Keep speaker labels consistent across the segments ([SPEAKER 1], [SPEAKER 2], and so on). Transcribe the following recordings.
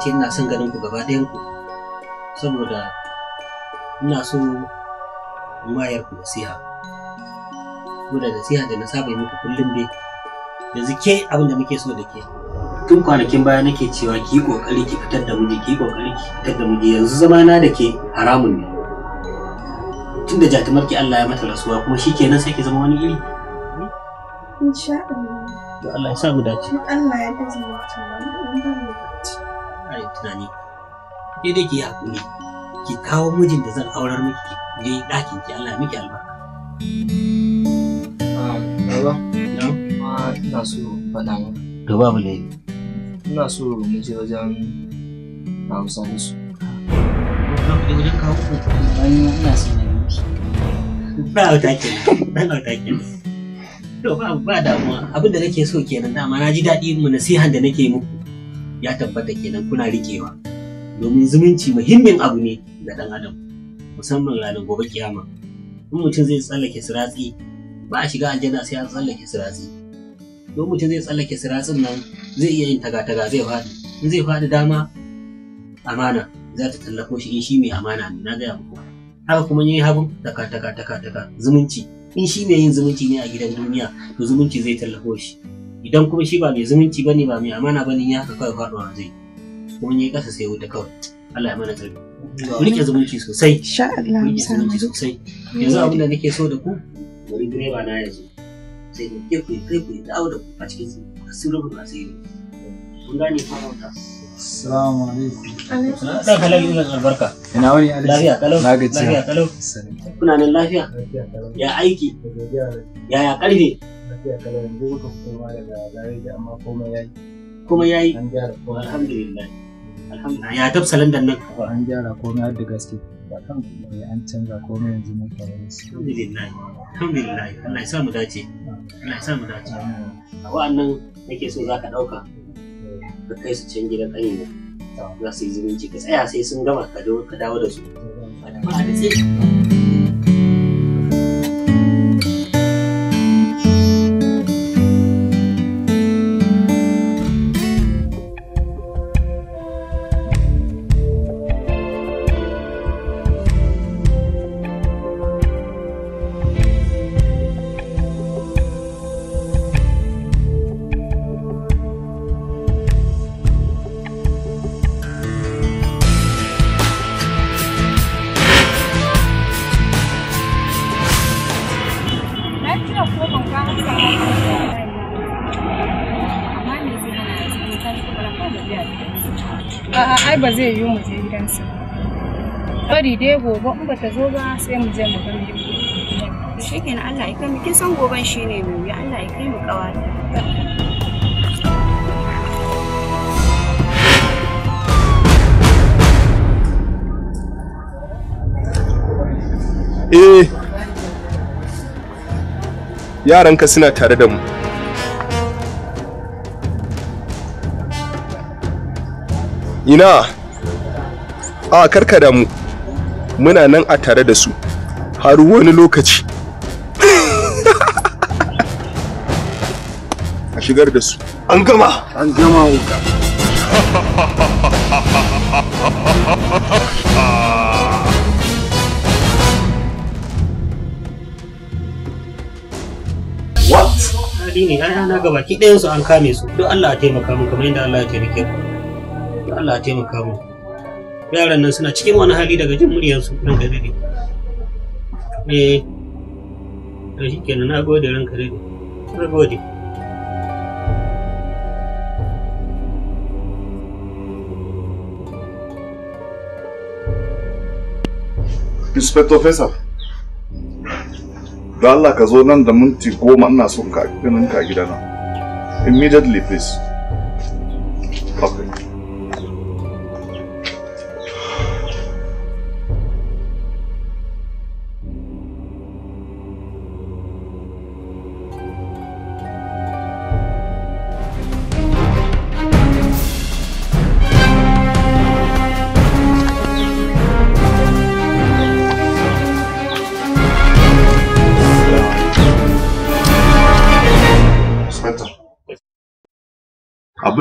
[SPEAKER 1] ce ina son ganin ku gaba ɗayan ku saboda ina so in wayar ku nasiha da nasiha da na saba muku kullum dai yanzu ke abin da muke so da ke tun kwanakin baya nake cewa ki yi kokari ki fitar da muje ki yi kokari ki fitar da muje yanzu zamana da ke haramun ne tun da jatumar ki Allah ya mata rasuwa kuma shi kenan sai ki zama wani iri
[SPEAKER 2] insha Allah
[SPEAKER 1] Allah ya sa mu dace
[SPEAKER 2] Allah ya dace mu
[SPEAKER 1] tunani ke dai ki haƙuri ki kawo mijin da zan aurar miki
[SPEAKER 3] ki ɗakin ki Allah miki albarka. Ah, baba, ma ina so faɗa mu.
[SPEAKER 1] To babu laifi.
[SPEAKER 3] Ina so mu je wajen Hausa da su. Za ku wajen kawo ku? Bayan ina
[SPEAKER 1] so na yi Ba auta ke ba auta ke To ba damuwa abinda nake so kenan dama na ji daɗi mu nasihan da nake muku. ya tabbata kenan kuna riƙewa domin zumunci muhimmin abu ne ga ɗan adam musamman ranar gobe kiyama in mutum zai tsallake siratsi ba a shiga aljanna sai an tsallake siratsi don mutum zai tsallake siratsin nan zai iya yin taga-taga zai faɗi in zai faɗi dama amana za ta tallafo shi in shi mai amana ne na gaya muku haka kuma yin hagun taka-taka-taka-taka zumunci in shi mai yin zumunci ne a gidan duniya to zumunci zai tallafo shi idan kuma shi ba mai zumunci bane ba mai amana bane ya haka kawai faɗo zai kuma ne kasa sai wuta kawai Allah ya mana tsari ku rike zumunci sosai
[SPEAKER 2] insha Allah ku rike
[SPEAKER 1] zumunci sosai yanzu abin da nake so da ku wani direba na yanzu sai ku ke ku kai ku dawo da ku a cikin sirrin ba sai kun gane ko mota Assalamu alaikum. Da kalal ina albarka. Ina wani alaikum. Lafiya kalau. Na Lafiya kalau. Kuna nan lafiya? Ya aiki. Ya ya karfe. lafiya kalau yanzu muka fito daga gareji amma komai yayi komai an gyara alhamdulillah ya nan ko an gyara komai da gaske ba kan an canza komai yanzu mun fara alhamdulillah alhamdulillah Allah ya sa mu dace Allah ya sa mu dace a wa'annan nake so zaka dauka ka kai su can gidan kanyi za su yi zumunci ka tsaya sai sun gama ka dawo da su ba
[SPEAKER 2] da dai gobe in bata zo ba sai mu je mu gani na Allah ya kai mu kin san goben shine mu ya Allah ya kai mu kawata
[SPEAKER 4] eh yaranka suna tare da mu ina a ah, karka damu muna nan a tare da su har wani lokaci a shigar da su an gama an gama wuka
[SPEAKER 5] what
[SPEAKER 1] ne ai rana gaba ki ɗayan su an kame su don Allah a taimaka mu kamar yadda Allah ya taimake mu Allah ya taimaka mu yaran nan suna cikin wani hali daga jin muryarsu nan gari ne eh to shi kenan na gode ranka ne na gode
[SPEAKER 5] Inspector Fesa, da Allah ka zo nan da minti goma ina son ka ganin ka gidana. Immediately please.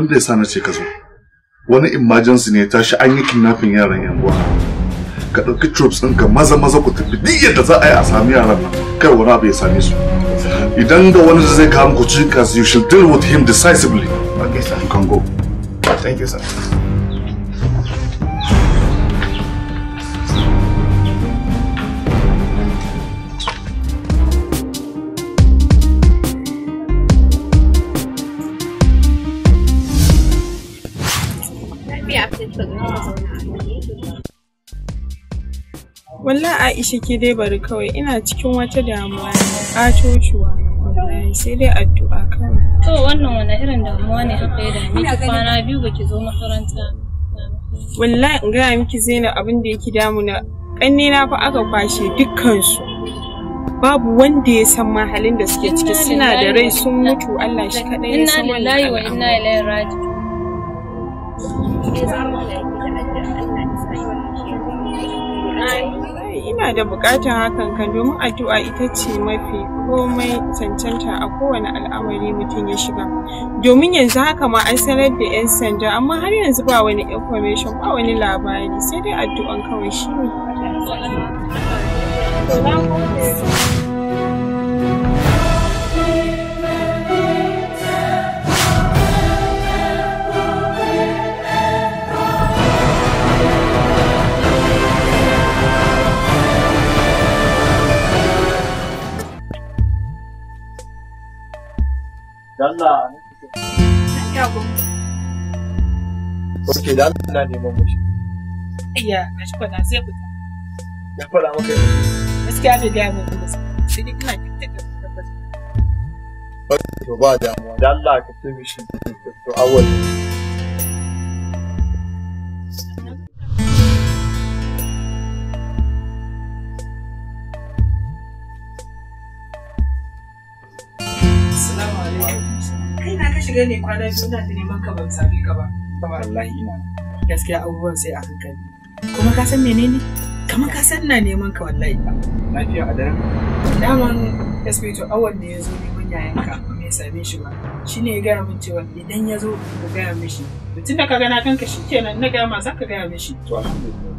[SPEAKER 5] da ya ce ka zo wani emergency ne tashi an yi kidnapping yaran yan uwa ka ɗauki troops ɗin ka maza maza ku tafi duk yadda za a yi a sami yaran nan kai wani abu ya same su idan da wani da zai kawo cikin kasu you should deal with him decisively okay sir you can go thank you sir
[SPEAKER 2] Wallah Aisha ke dai bari kawai ina cikin wata damuwa ne ƙatocuwa wallahi sai dai addu'a kawai. To wannan wani irin damuwa ne haka ya dame ki kwana biyu baki zo makaranta. Wallahi in gaya miki Zainab abin da yake na ƙanne na fa aka kwashe dukkansu. Babu wanda ya san ma halin da suke ciki suna da rai sun mutu Allah shi kaɗai ya san wannan Inna lillahi wa inna ilaihi raji'un. ina da bukatar hakan kan domin addu'a ita ce mafi komai cancanta a kowane al'amari mutum ya shiga domin yanzu haka ma an sanar da 'yan sanda amma har yanzu ba wani information ba wani labari sai dai addu'an kawai shi ne
[SPEAKER 6] Dalla. Ok, da na neman mashi.
[SPEAKER 2] Iya, zai Ya faɗa maka yi. Gaskiya bai gaya mai kuma sai dai ina kinta da tabbata.
[SPEAKER 6] To ba damuwa, da Allah ka ce mishi to awal.
[SPEAKER 7] Assalamu
[SPEAKER 2] Kai na ka shiga ne kwana biyu na da neman ka ban same ka ba. Wallahi ina. Gaskiya abubuwan sai a hankali. Kuma ka san menene? Kama ka san na neman ka wallahi. Lafiya a daren? Daman Espeto awon ne ya zo neman ka, me ya same shi ba. Shi ne ya gaya min cewa idan ya zo ka gaya mishi. Tun da ka gana kanka shi kenan na gaya ma za ka gaya mishi. To alhamdulillah.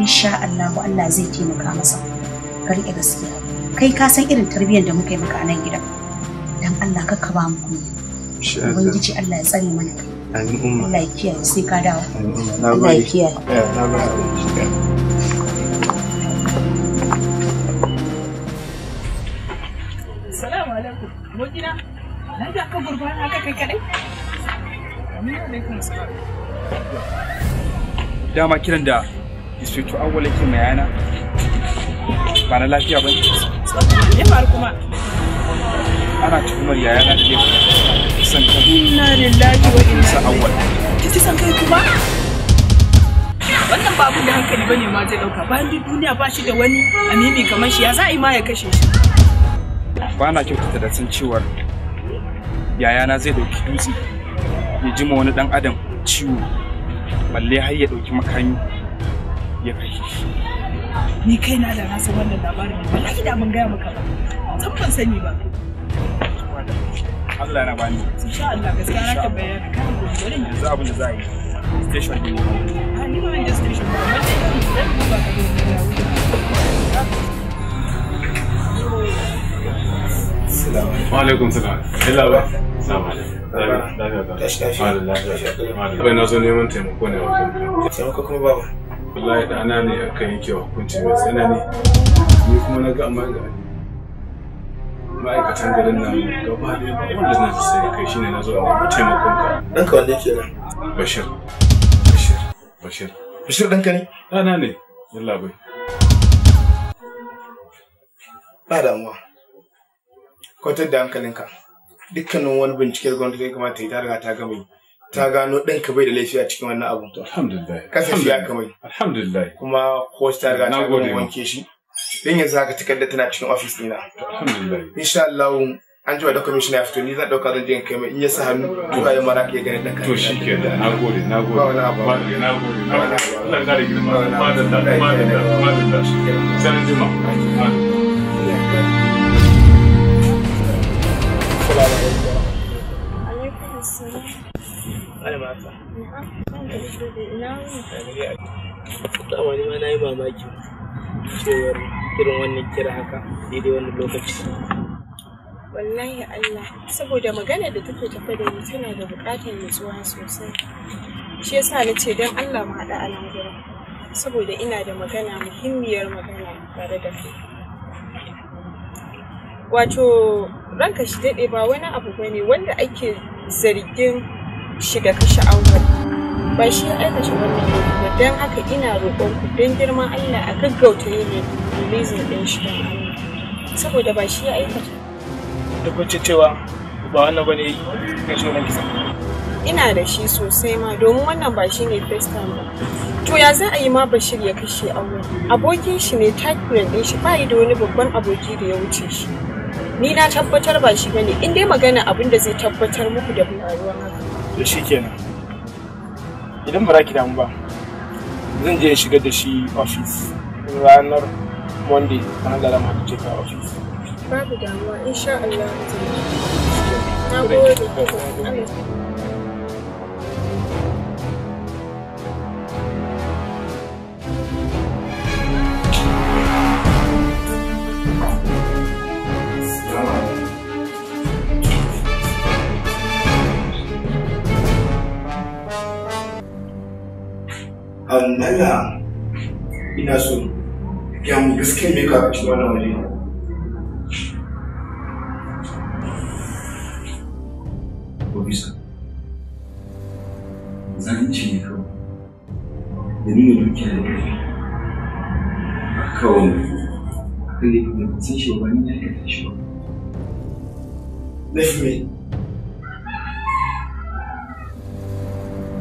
[SPEAKER 2] insha Allah Allah zai taimaka masa ka riƙe gaskiya kai ka san irin tarbiyyar da muka yi maka a nan gidan dan Allah ka ba mu kuma
[SPEAKER 7] ubangiji
[SPEAKER 2] Allah ya tsare mana kai
[SPEAKER 8] Allah ya
[SPEAKER 2] kiyaye sai ka dawo
[SPEAKER 8] Allah ya kiyaye alaikum.
[SPEAKER 2] da ka gurbana kai kadai? Amin alaikum salam.
[SPEAKER 4] Dama kiran da
[SPEAKER 8] isutu awwala ke mai yana ba na lafiya ba ya faru kuma ana tuhumar yayana da ne
[SPEAKER 2] san ka inna lillahi wa inna ilaihi awwala kici san kai kuma wannan babu da hankali ba ne ma zai dauka bayan duk duniya ba shi da wani amimi kamar shi ya za a yi ma ya kashe shi
[SPEAKER 8] ba na kyautata da san cewar yayana zai dauki dutse ya jima wani dan adam ciwo balle har ya dauki makami ya kashe shi
[SPEAKER 2] ni kai na da na san wannan labarin wallahi da gaya maka ba san ban sani ba
[SPEAKER 8] Allah yana bani insha Allah gaskiya na kan gurin abin da za a yi station din ah,
[SPEAKER 2] ni station ba
[SPEAKER 8] sai ba alaikum alaikum. wallahi ɗana ne a kan yake hukunci mai tsanani ni kuma na ga
[SPEAKER 5] amma ma'aikatan garin nan gaba ɗaya ba wanda na sai kai shine na zo a nemi
[SPEAKER 8] taimakon ka ɗanka wanne kenan bashir bashir bashir bashir ka ne ɗana ne
[SPEAKER 5] yalla bai ba damuwa
[SPEAKER 8] kwantar da hankalinka dukkanin wani bincike gwamnati ya kamata ta riga ta gama yi ta gano ɗanka bai da laifi a cikin wannan abu.
[SPEAKER 5] Alhamdulillah. Kasa shi ya kamai. Alhamdulillah.
[SPEAKER 8] Kuma kowace ta riga ta gama wanke shi. Don yanzu haka tana cikin ofis ɗina. Alhamdulillah. Insha Allah an ji wa da kwamishina ya fito ni zan ɗauka zan je kai mai in ya sa hannu to ya mara ka gane ɗanka.
[SPEAKER 5] To shi ke da na gode na gode. Ba wani abu. Ba wani
[SPEAKER 8] abu. Ba wani abu. Allah ya kare girma. Ba wani abu. Ba wani abu.
[SPEAKER 7] Ba wani abu.
[SPEAKER 8] albasa ni ma na yi mamaki cewar irin wannan kira haka daidai wannan
[SPEAKER 7] lokaci
[SPEAKER 2] wallahi Allah saboda magana da take tafe da ni tana da buƙatar nutsuwa sosai shi yasa na ce don Allah mu haɗa al'amura saboda ina da magana muhimmiyar magana tare da kai wato ranka shi daɗe ba wani abu ba ne wanda ake zargin shiga kashe auren ba shi ya aikata wannan ba don haka ina roƙon ku don girman Allah a gaggauta yin releasing ɗin shi don Allah saboda ba shi ya aikata
[SPEAKER 8] da wacce cewa ba wannan bane ne shi wannan kisa
[SPEAKER 2] ina da shi sosai ma domin wannan ba shi ne first time ba to ya za a yi ma bashir ya kashe auren abokin shi ne takirin ɗin shi ba yi da wani babban aboki da ya wuce shi ni na tabbatar ba shi bane in dai magana abin da zai tabbatar muku da faruwa
[SPEAKER 8] da shi kenan idan ba za ki damu ba zan je shiga da shi ofis ranar monday na hangara ma ta ofis
[SPEAKER 2] babu damuwa insha Allah na gode
[SPEAKER 4] Allah ina so ya mu gaske me ka ci wannan wani ko bisa
[SPEAKER 9] zan ci ne ko da ni ne da kai a kawai akan ne da mutum shi wani ni ya
[SPEAKER 3] yi shi ba lafi mai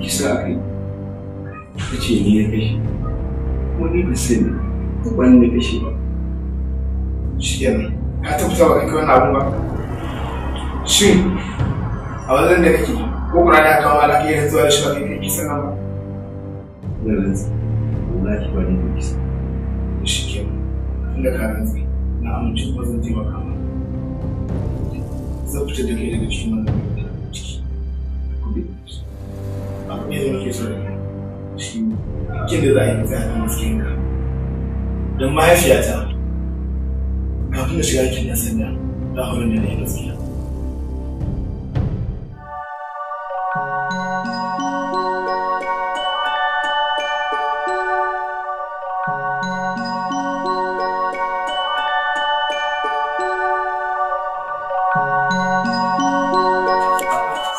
[SPEAKER 3] kisa a kai ta ce ni ya kashe kuma ni ba sani ba ni na kashe ba shi kenan
[SPEAKER 8] ka tabbata ba kanka wannan abu ba shin a wajen da kake ko kuna da kawo alaƙa yin zuwa da shi ba kai kai kisan nan ba
[SPEAKER 3] na rantsi wallahi ba
[SPEAKER 8] ni ba kisa? shi kenan tunda ka rantsi na amince kuma zan taimaka
[SPEAKER 9] maka zan fita da kai daga cikin wannan ciki ku bi
[SPEAKER 8] abu ne da kake so da shi kin da za a yi za a cikin ka don mahaifiyata kafin da shiga kin
[SPEAKER 7] yan sanda ta horon da na yi gaskiya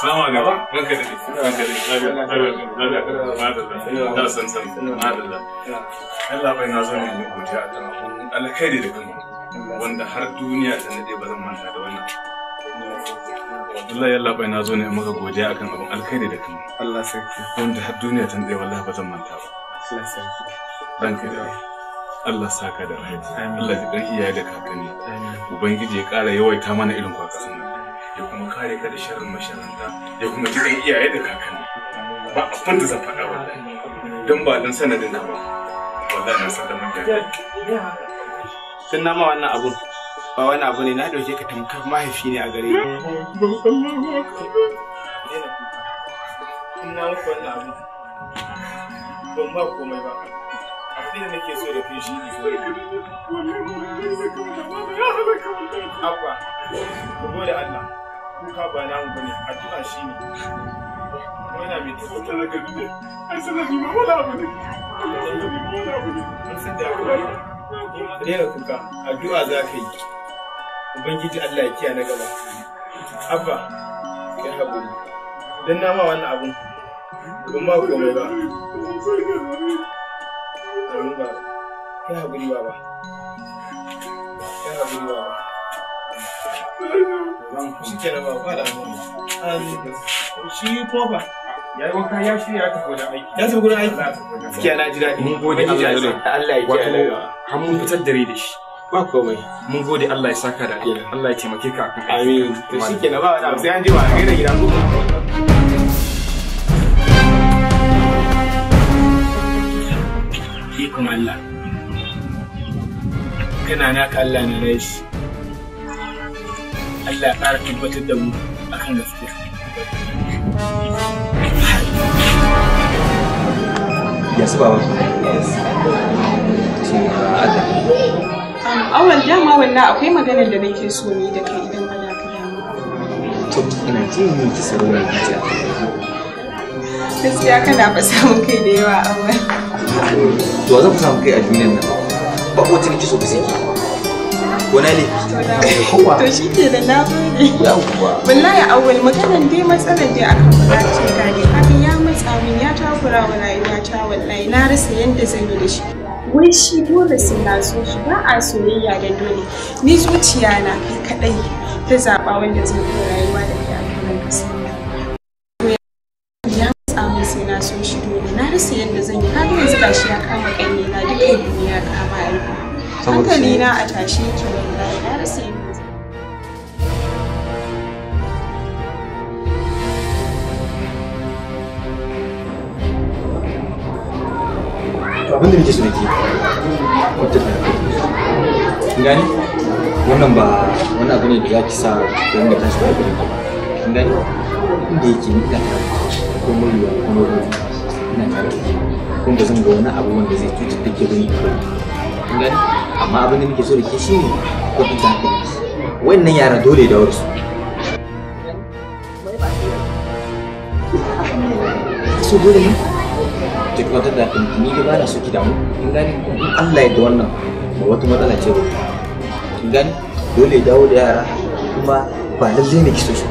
[SPEAKER 7] Salamu alaikum. Ranka da ne. Ranka da ne. madalla darasin san madalla Allah bai na zo ne mu godiya a kan abun alkhairi da kuma
[SPEAKER 5] wanda har duniya ta nade ba zan manta da wannan wallahi Allah bai na zo ne maka godiya akan abun alkhairi da kuma Allah sarki wanda har duniya ta nade wallahi ba zan manta ba Allah sarki ranka da sa ka da rai Allah ya dan iyaye da kakanni ubangiji ya kara yawaita mana irin kwakasan ya kuma kare ka da sharrin masharanta ya kuma ji
[SPEAKER 4] dan iyaye da kakanni ba abin da zan faɗa wallahi don ba don sanadin na ba
[SPEAKER 8] wallahi na san da mun sun nama wannan abun ba wani abu ne na ɗauke ka tamkar mahaifi ne a gare ni na muku wannan abu ban ba komai ba abin da nake so da kai shi ne abba ku gode Allah kuka ba namu bane addu'a shi ne Wala ma da kuka, addu'a za ka yi. Ubangiji Allah ya kiya na gaba. Abba, kai haƙuri. Don nama wannan abun. Ban ma komai ba. Amin ba. Kai haƙuri ba, Kai shi ke raba ba da shi kofa ya yi wanka ya ya tafi wajen aiki ya tafi gurin aiki gaskiya na ji daɗi mun Allah ya kiyaye har mun fitar da rai da shi ba komai mun gode Allah ya saka da Allah ya taimake ka amin to shi ke ba da sai an je wa gaida gidan ku ikon Allah kana naka Allah Allah ya ƙara tabbatar da mu
[SPEAKER 6] akan gaskiya.
[SPEAKER 3] ya baba.
[SPEAKER 2] Awal dama wannan akwai maganar da nake so ni da kai idan Allah ka dama.
[SPEAKER 7] To ina na gajiya. kana fa samun kai
[SPEAKER 2] da yawa awal.
[SPEAKER 3] To zan samu kai a duniyar nan. Ba ko ta nake ba sai
[SPEAKER 2] ko na ne to shi ke da na kuwa. wallahi awwal maganan dai matsalan dai akan buƙatun ka ne abin ya matsa min ya takura wa rayuwa ta wallahi na rasa yadda zan yi da shi wai shi dole sai na so shi ba a soyayya da dole ni zuciya na kai kaɗai ta zaɓa, wanda zan yi rayuwa da ke akan kasa ya min sai na so shi dole na rasa yadda zan yi har yanzu shi ya kama kanye na duka duniya kama aiki hankali na a tashe ki wallahi na rasa
[SPEAKER 3] abin da nake gani wannan ba wani abu ne da za ki sa ki ringa tashi da abin kin yake ko ko ina tare da kuma. ba zan ga wani abu wanda zai cutar da ke ba kun gani amma abin da muke so da ke shi ne
[SPEAKER 7] ko kun ta
[SPEAKER 2] wannan yara dole da
[SPEAKER 3] su dole ne da ni na so kun gani in Allah ya da wannan ba wata matsala ce ba kun gani dole dawo da yara kuma ba lallai ne ki so su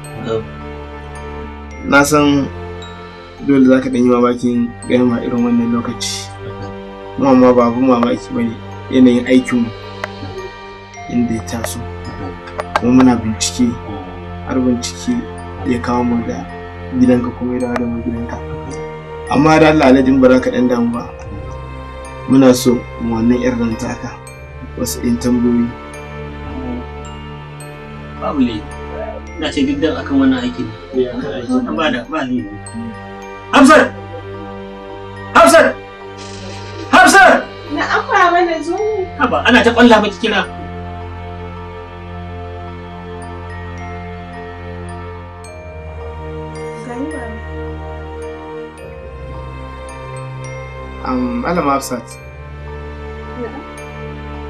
[SPEAKER 8] na san dole za ka yi mamakin ganin ma irin wannan lokaci kuma ma ba abin mamaki ba ne yanayin aikinmu inda ya taso kuma muna bincike har bincike ya kawo mu da gidanka kuma ya da mu gidanka amma da Allah aladin ba za ka ɗan damu ba muna so mu wannan irin taka, wasu ɗin tambayoyi
[SPEAKER 1] babu laifi na ce duk dan akan wannan aikin ba da ba Hafsat Hafsat Hafsat
[SPEAKER 2] na akwa mana zo haba
[SPEAKER 1] ana ta kwalla miki kira
[SPEAKER 8] Alama Hafsat,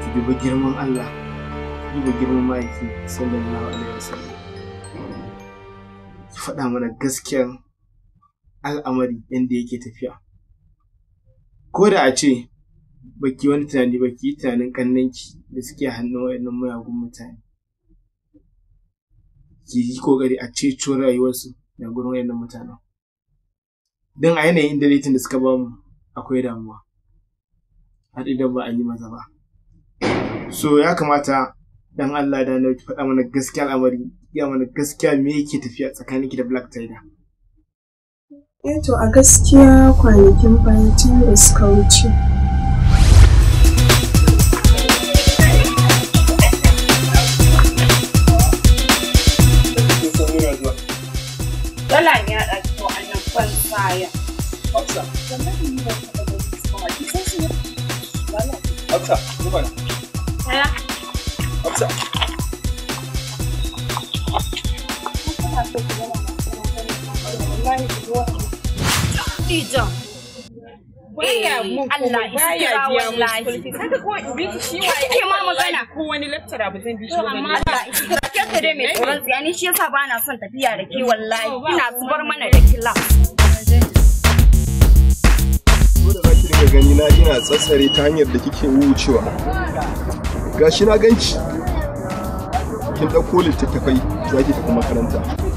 [SPEAKER 8] ki girman Allah, ki dubi girman mahaifi sallallahu alaihi wasallam. faɗa mana gaskiyar al'amari yadda yake tafiya ko da a ce baki wani tunani baki tunanin kannanki da suke hannun wa'annan mayagun mutane ki yi kokari a ceto rayuwarsu da gurin wayannan mutanen don a yanayin dalitin da suka ba mu akwai damuwa har idan ba a yi maza ba so ya kamata dan Allah da na faɗa mana gaskiyar al'amari gaya mana gaskiya me yake tafiya tsakanin ki da Black Tiger.
[SPEAKER 2] Eto eh a gaskiya kwanakin baya tun da suka wuce. Dala ya ɗaki ko annan ban saya. Hafsa, sannan ni ba ta da kuma kisan su.
[SPEAKER 4] Hafsa, ku bana.
[SPEAKER 2] Hafsa.
[SPEAKER 7] Allah ya iskira wallahi haka
[SPEAKER 2] ko bi shi wa ke ma magana ko wani lecturer ba zan bi shi amma Allah iskira ke ka dai mai tsoron tsaya shi yasa ba na son tafiya da ke wallahi ina zubar mana da kila
[SPEAKER 4] da gani na ina tsatsare ta hanyar da kike wucewa shi na ganci kin ɗauko littattafai za ki tafi makaranta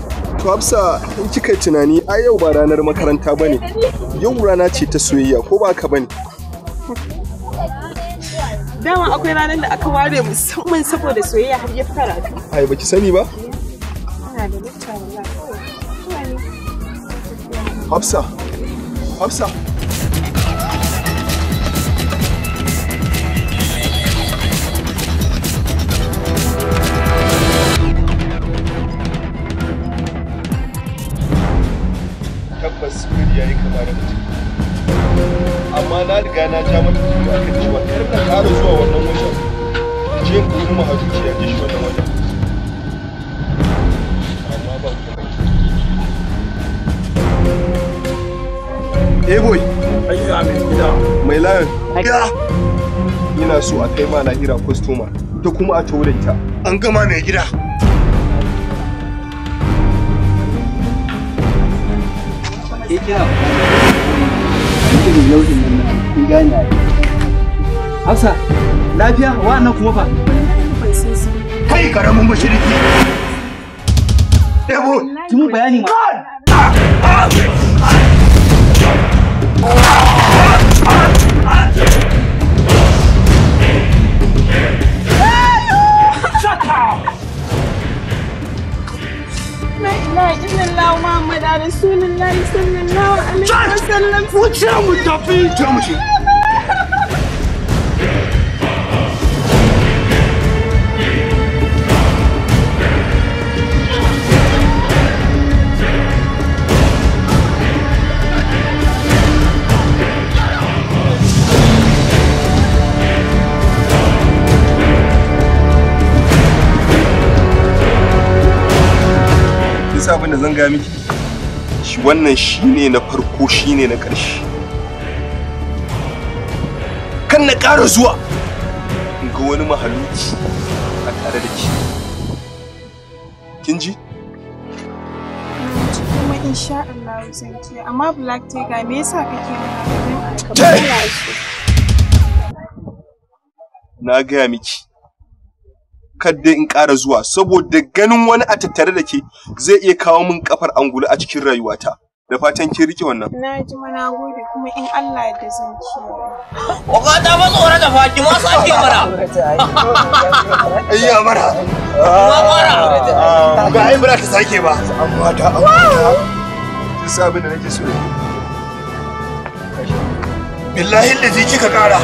[SPEAKER 4] To Hafsa in kika tunani a yau ba ranar makaranta ba ne, yau rana ce ta soyayya ko ba ka ba ne?
[SPEAKER 2] Dama akwai ranar da aka ware musamman saboda soyayya har ya fi karatu.
[SPEAKER 4] Ai baki sani ba? Hafsa, Hafsa. yi amma na riga na ja mata jiki a kan cewa kar na ƙara zuwa wannan wajen je ku kuma a zuciya shi wannan wajen amma ba ku Eh boy, ayya mai gida. Mai Ya. Ina so a kai ma lahira kwastoma ta kuma a tauraita. An gama mai gida.
[SPEAKER 7] sai kira
[SPEAKER 3] irin launin nan kun gane ai Hafsa lafiya wa'annan kuma fa
[SPEAKER 4] kai karamin mashiriki
[SPEAKER 3] Ebo, tun bayani ma.
[SPEAKER 2] la ilaha illallah muhammadu rasulullahi sallallahu alaihi wasallam
[SPEAKER 4] wuce mu tafi sa abin da zan gaya miki shi wannan shine na farko shine na ƙarshe kan na ƙara zuwa in ga wani mahaluki a tare da ki kin ji
[SPEAKER 2] kuma insha Allah zan ki amma black tiger me yasa kake mana gaban ka
[SPEAKER 4] na gaya miki kadde in ƙara zuwa saboda ganin wani a tattare da ke zai iya kawo min kafar angulu a cikin rayuwata da fatan kin rike wannan
[SPEAKER 2] na ji mana gode kuma in Allah da zan kiyaye wa ga ta ba tsora da faki ma sa ke mara
[SPEAKER 4] ayya mara ma mara ba ai mara ta sake ba amma ta amma kin abin da nake so billahi da kika kara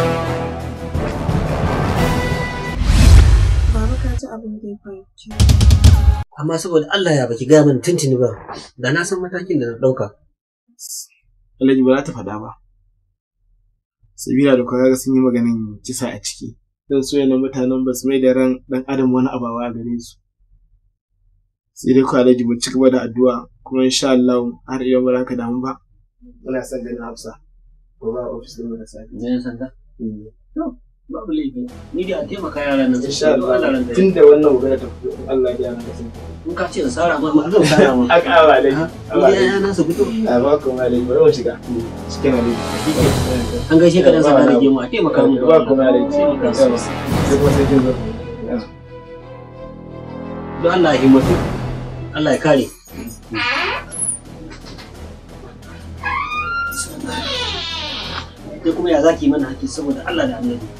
[SPEAKER 1] abin Amma saboda Allah ya baki gaya mana tuntuni ba, da na san matakin da na ɗauka. Alhaji ba za ta faɗa
[SPEAKER 8] ba. Sabila da ga sun yi maganin kisa a ciki. Zan so na mutanen ba su mai da ran ɗan adam wani abawa a gare su. Sai dai ku Alhaji ba ci gaba da addu'a kuma insha Allah har iya ba ka damu ba. Muna son ganin Hafsa.
[SPEAKER 1] ko a ofis din mu da safe. san ta eh. To. babu laifi ni a taimaka yaran nan insha Allah tun da
[SPEAKER 8] wannan magana ta Allah ya yarda sun
[SPEAKER 1] in ka ce in sara ma
[SPEAKER 8] ma zan sara ma a kawa dai ni ya na su fito a ba ku ma dai bari mu shiga
[SPEAKER 1] an ka dan saka da gemu a taimaka mu ba ku ma dai sai kuma sai zo don Allah ya himmatu Allah ya kare Sai kuma ya zaki mana haƙi saboda Allah da annabi.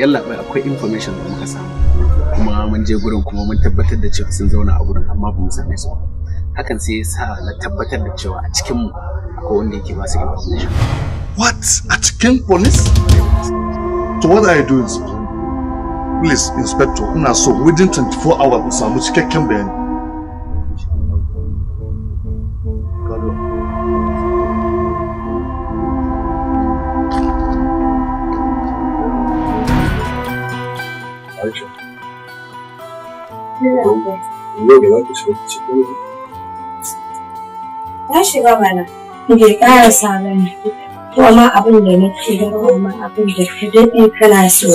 [SPEAKER 3] yalla akwai information da muka samu kuma mun je gurin kuma mun tabbatar da cewa sun zauna a gurin amma ba mu same su hakan sai ya sa na tabbatar da cewa a cikin mu akwai wanda yake ba su information what a cikin
[SPEAKER 5] police to what are you doing please inspector ina so within 24 hours mu samu cikakken bayani
[SPEAKER 2] ba shiga cikin na shiga bana bai ƙara sabon to ma abin da nake da amma abin da ka daɗe kana so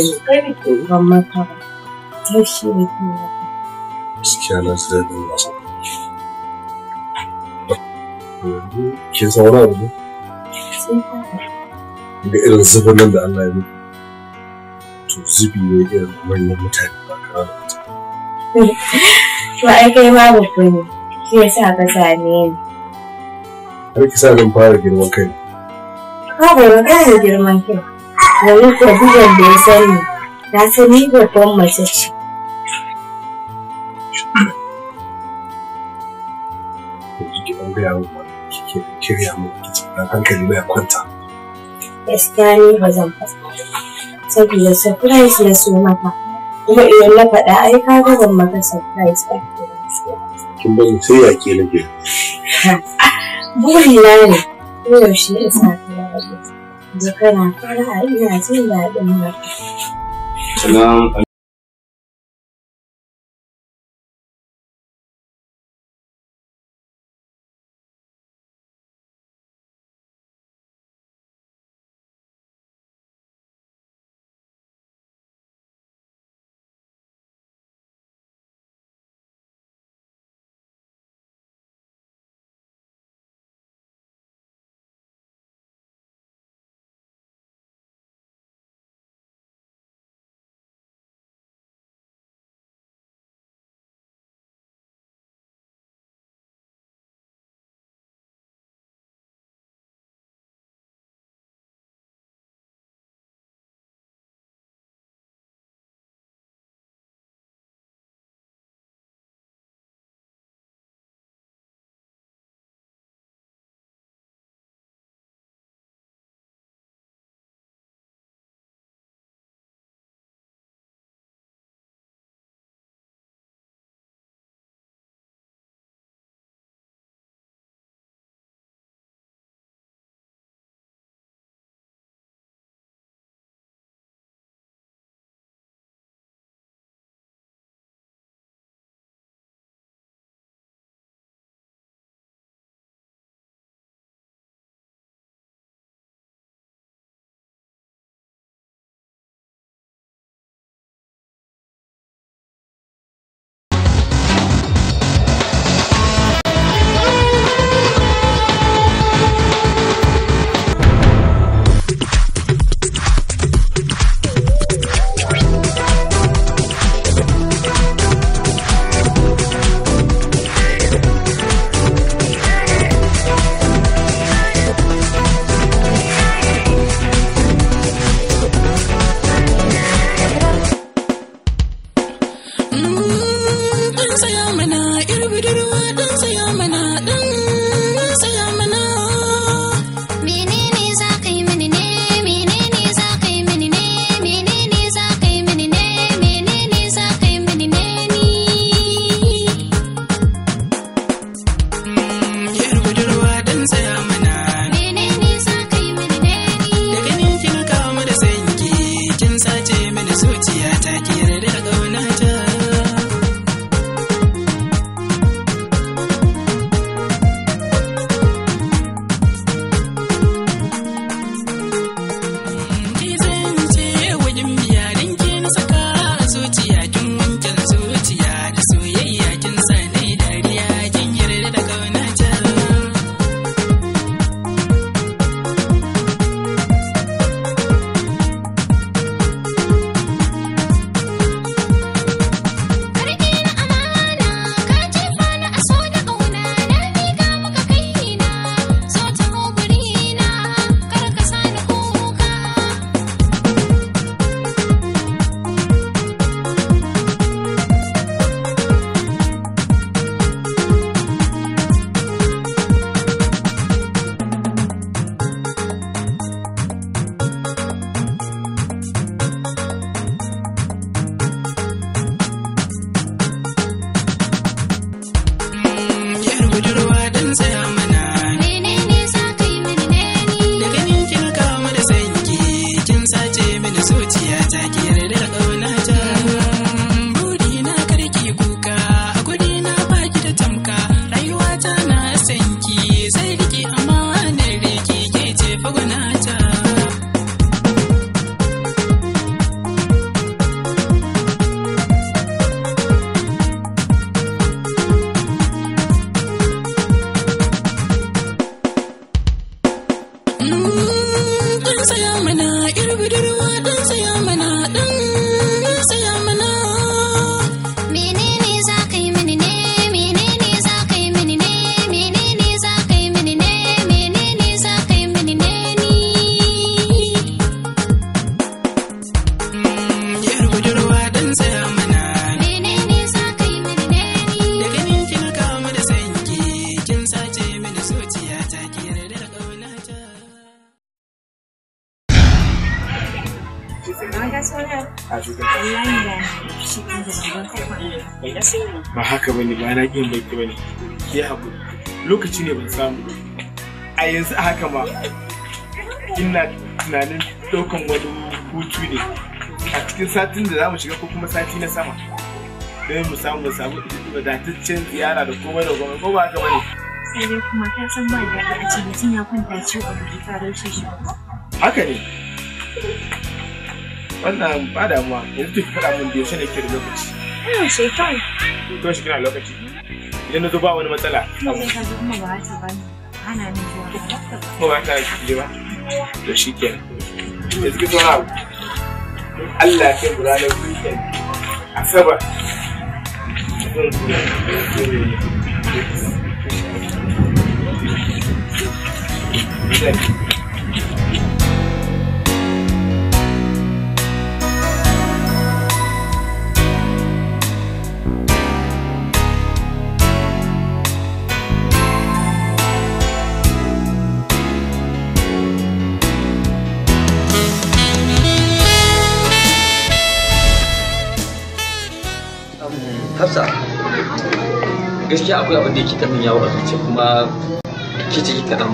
[SPEAKER 9] ne ban manyan
[SPEAKER 6] to ai kai babu sa shi yasa ni har
[SPEAKER 9] ki sa zan fara girman kai
[SPEAKER 2] ka ba ka da girman kai ko bugun da ya sani na sani babban mace ce
[SPEAKER 9] gaya min ba kike shirya min dan hankali na kwanta
[SPEAKER 2] gaskiya ni ba zan na so mata kuma idan na faɗa ai ka ga ban maka surprise ba
[SPEAKER 9] kin ba sai ya ke nake
[SPEAKER 2] buri na ne ko yaushe ya sa ka ba ka na fara ina jin daɗin haka
[SPEAKER 10] wanna.
[SPEAKER 8] ba ne ya haku lokaci ne ban samu a yanzu a haka ma ina tunanin ɗaukan wani hutu ne a cikin satin da za mu shiga ko kuma sati na sama don mu samu mu samu wadataccen ziyara da komai da komai ko ba haka ba ne.
[SPEAKER 2] sai dai kuma ta san ba da a ce mutum ya kwanta ciwo a wuri ka rashe shi.
[SPEAKER 8] haka ne wannan ba damuwa yanzu tafi faɗa mun da yaushe ne ke da lokaci.
[SPEAKER 2] ina shekaru.
[SPEAKER 8] to shi kina lokaci. yanzu ba wani matsala
[SPEAKER 2] kuma ba ta bani ana
[SPEAKER 8] ba ba to shikenan yanzu ki Allah ya bura ranar kuke. asabar zan Thank you.
[SPEAKER 3] hafsa gaskiya akwai abin da yake ta min yawo a zuciya kuma ke ciki ka dan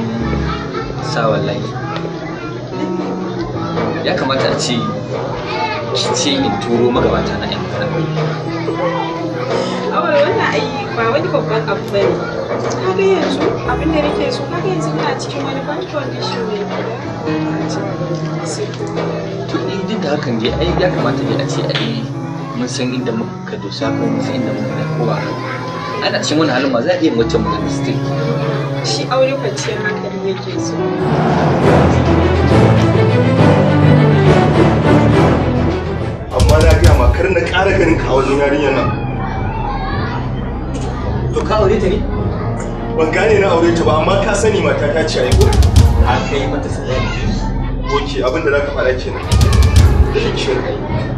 [SPEAKER 3] sa wallahi ya kamata a ce ki ce in turo magabata na yan
[SPEAKER 2] awai wannan ai ba wani babban abu bane kaga yanzu abin da nake so kaga yanzu ina cikin wani bad condition ne
[SPEAKER 3] to eh, duk da hakan dai ai ya kamata ne a ce a yi mun san inda muka dosa ko mun san inda muka da kowa ana cin wani halin ma za a iya mutum da mistake
[SPEAKER 2] shi aure kwanciyar hankali yake so
[SPEAKER 4] amma na gaya ma kar na ƙara ganin ka wajen yarinyar nan to ka aure ta ne ban gane na aure ta ba amma ka sani mata ta ce a yi haka yi mata sadari ok abin da za ka fara kenan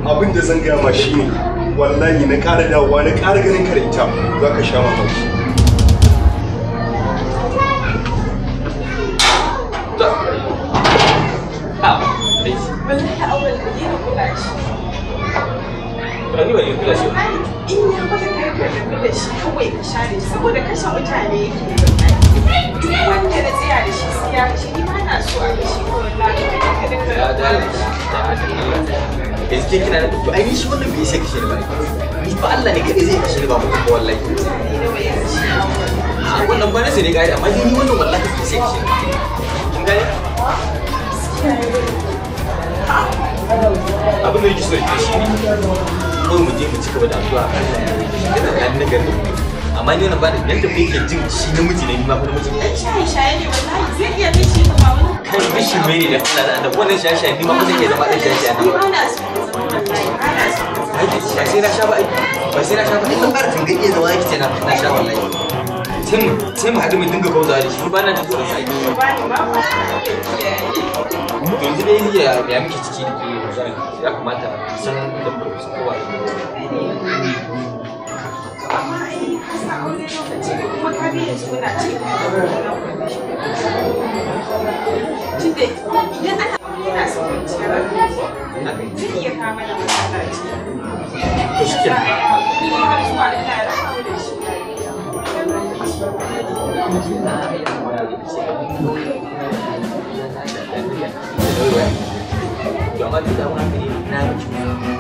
[SPEAKER 4] abin da zan gaya ma shine wallahi na kara dawowa na kara ganin ka za ka sha mamaki
[SPEAKER 2] wallahi awal ka je ka kula shi to ni wani kula shi in ya baka kai ka kula shi kawai ka share saboda kashe mutane yake duk wanda na tsaya da shi siya shi ana so a yanzu ke da ba
[SPEAKER 3] ne ba mu ko wallahi a wannan ba nasa ne kai abin da yake so ya kashe ne ko mu je ci gaba da addu'a Allah ya rike shi ne nan nagarin amma ni wannan ba da yanda kai ke jin shi namiji ne ni ma namiji ne
[SPEAKER 2] shaye shaye ne wallahi zai iya kai shi ba wani
[SPEAKER 3] kai mai ne da Allah da wannan shaye shaye ni ma kuma ke zama dan shaye shaye ni ba
[SPEAKER 7] na so
[SPEAKER 3] ba sai na sha ba sai na sha ba ni iya yake na sha wallahi dinga da ba na sai ni ba ba yanzu dai ya ya muke ciki ya kamata san da kowa
[SPEAKER 2] Şimdi yine de
[SPEAKER 7] yine sorun çıkarır. Türkiye kahveli insanlar için. Teşekkür ederim.
[SPEAKER 3] 영화 대장을 하니 나를 주면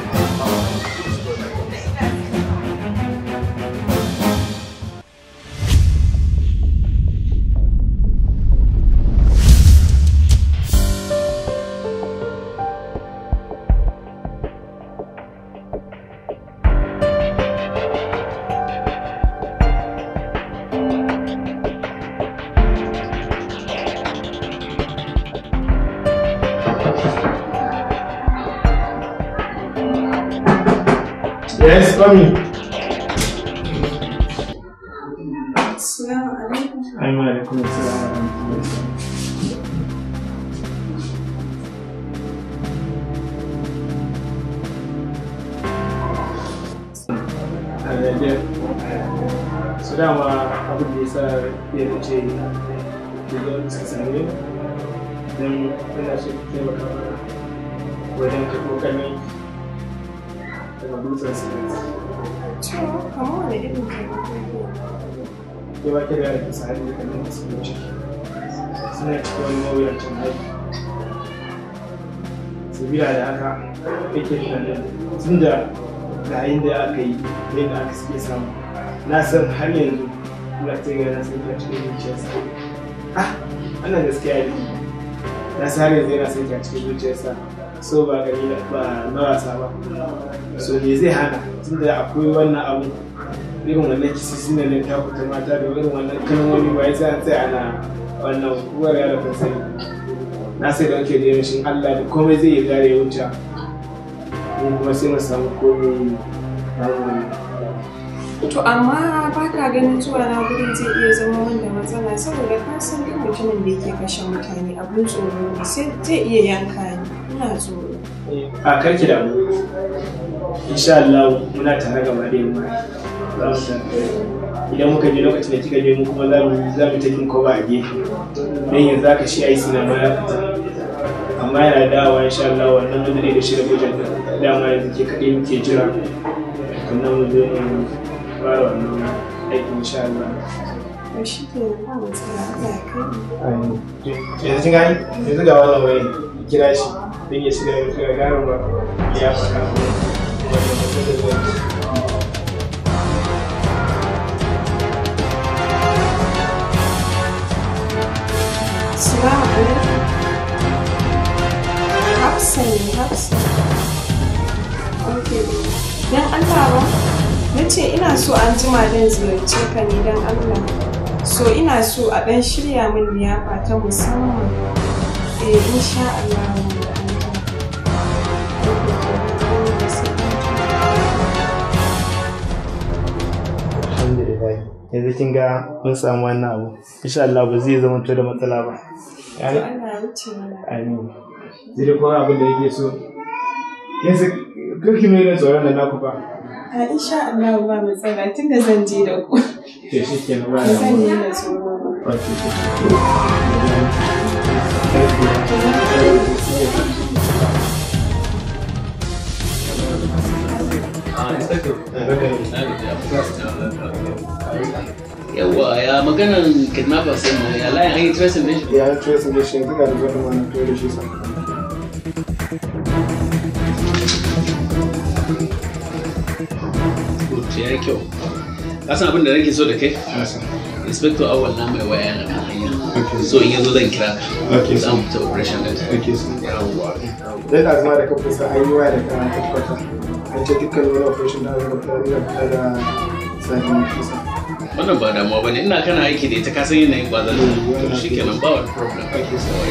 [SPEAKER 8] ke ba kira da kisa hali da nan cikin ciki suna cikin wani mawuyacin hali sabila da haka kake tunanin tun da yayin da aka yi yadda aka suke samu na san har yanzu ina ta yi na san kyaci da zuciyarsa ah wannan gaskiya ne na san har yanzu yana san kyaci so ba gari ba marasa ba so me zai hana tun da akwai wannan abu irin wannan kisisi na ne ta fita mata da irin wannan kalmomi ba ya tsaya tsaya ana wannan kuwar ya da sani na sai don ke da yamashin Allah da komai zai yi gare wuce mun kuma sai mu samu komai
[SPEAKER 2] To amma ba ka ganin zuwa na gurin zai iya zama wanda matsala saboda ka san duk mutumin da yake kashe mutane abin tsoro sai zai iya yanka ni ina tsoro.
[SPEAKER 8] Eh, a karki da mu. Insha Allah muna tare gaba da yamma. za idan muka je lokacin da kika je mu kuma za mu za mu tafi koba a gefe dan yanzu aka shi aisi na mara fita amma yana dawowa insha Allah wannan madare da shi da bujan dama yanzu ke kaɗai muke jira sannan mu zo mu fara wannan aiki insha Allah yanzu gani yanzu ga wannan waye kira shi don ya shiga ya gara ba ya faɗa kuma da mutum da zai
[SPEAKER 2] sani Hafs. Okay. Don Allah ba, na ce ina so an jima don ziyarce ka ne don Allah. So ina so a ɗan shirya min liyafa ta musamman. Eh, insha Allah.
[SPEAKER 8] Alhamdulillah. yanzu kin ga mun samu wannan abu insha Allah ba zai zama to da matsala ba amin jiri kuma abin da yake so yanzu kirki mai da tsoron da ku ba
[SPEAKER 2] a isha allahu ba tsara tun da zan je da ku ke shi ke nan ba da mu
[SPEAKER 3] yawa ya maganan kidnappers din ya layin an
[SPEAKER 8] yi shi ya tracing din shi da gwamnati tori shi
[SPEAKER 3] sa
[SPEAKER 7] ya
[SPEAKER 8] yi kyau kasan abin da nake so da kai inspector awal na mai waya na kan hanya so in yanzu zan kira ka za mu fita operation ɗin yawwa Zai da zama da ka fusa an yi waya da kan tabbata an ce dukkan wani operation da zama fitar da fitar da
[SPEAKER 7] Sani na kusa.
[SPEAKER 3] wannan ba damuwa ba ne ina kana aiki da ita ka san yanayin ba zan shi kenan ba wani problem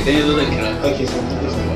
[SPEAKER 3] idan yanzu zan kira ka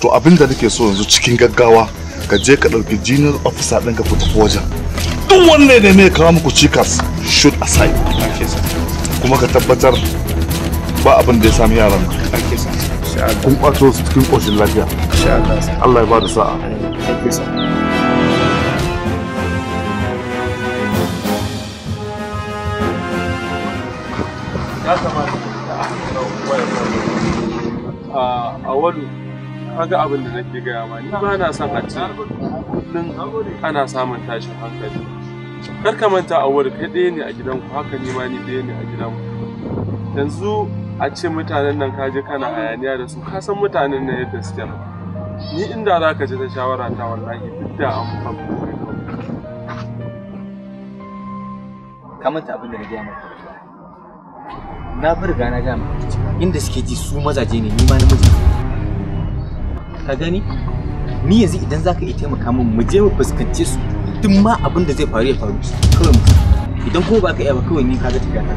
[SPEAKER 5] to abin da nake so yanzu cikin gaggawa ka je ka ɗauki junior officer ɗinka ka tafi wajen duk wanne ne mai kawo muku cikas shoot aside kuma ka tabbatar ba abin da ya sami yaran nan kun kwato su cikin ƙoshin lafiya Allah ya ba da sa'a ya
[SPEAKER 6] kamata a ah, wani kaga abin da nake gaya ma ni ba na son a ce kullum ana samun tashin hankali kar ka manta a wuri kai ɗaya ne a ku haka ni ma ni ɗaya ne a gidan ku. yanzu a ce mutanen nan kaje kana hayaniya
[SPEAKER 4] da su ka san mutanen nan yadda suke nan ni inda za ka ji ta shawara ta wallahi duk da an
[SPEAKER 7] fa
[SPEAKER 4] ka manta abin
[SPEAKER 3] da nake gaya maka na bar riga na gaya inda suke ji su mazaje ne ni ma na mazaje ka gani ni yanzu idan za ka iya taimaka min mu je mu fuskance su duk ma abin da zai faru ya faru kawai mu idan kuma ba ka iya ba
[SPEAKER 8] kawai ni ka ga tafiya ta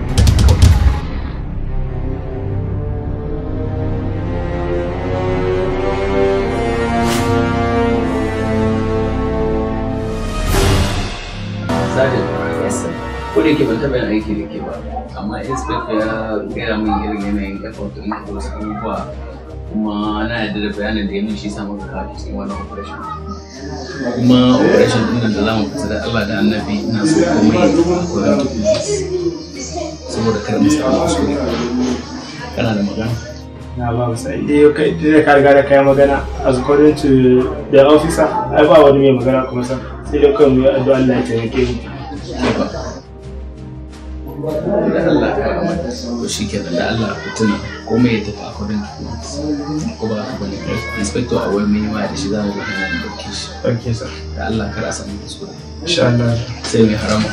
[SPEAKER 3] ko da yake ban taɓa yin aiki da ke ba amma inspector ya gaya min irin yanayin ƙafa da wasu abubuwa kuma na yadda da bayanin da ya min shi samun ka cikin wani operation kuma operation din da zama fita da Allah da Annabi ina so komai ya saboda kar mu su ne kana da
[SPEAKER 8] magana na ba musa idan eh, kai da ka riga da kai magana as according to the officer ai ba wani mai magana kuma san sai da kai mu yi addu'a Allah ya taimake mu
[SPEAKER 3] da Allah ya rahama shi shikenan da Allah ku tuna komai ya tafi akwadin to ko ba ka bane inspector a wani yawa da shi za mu ga da dauke shi okay sa
[SPEAKER 8] da Allah kar a samu kuskure insha Allah sai mai harama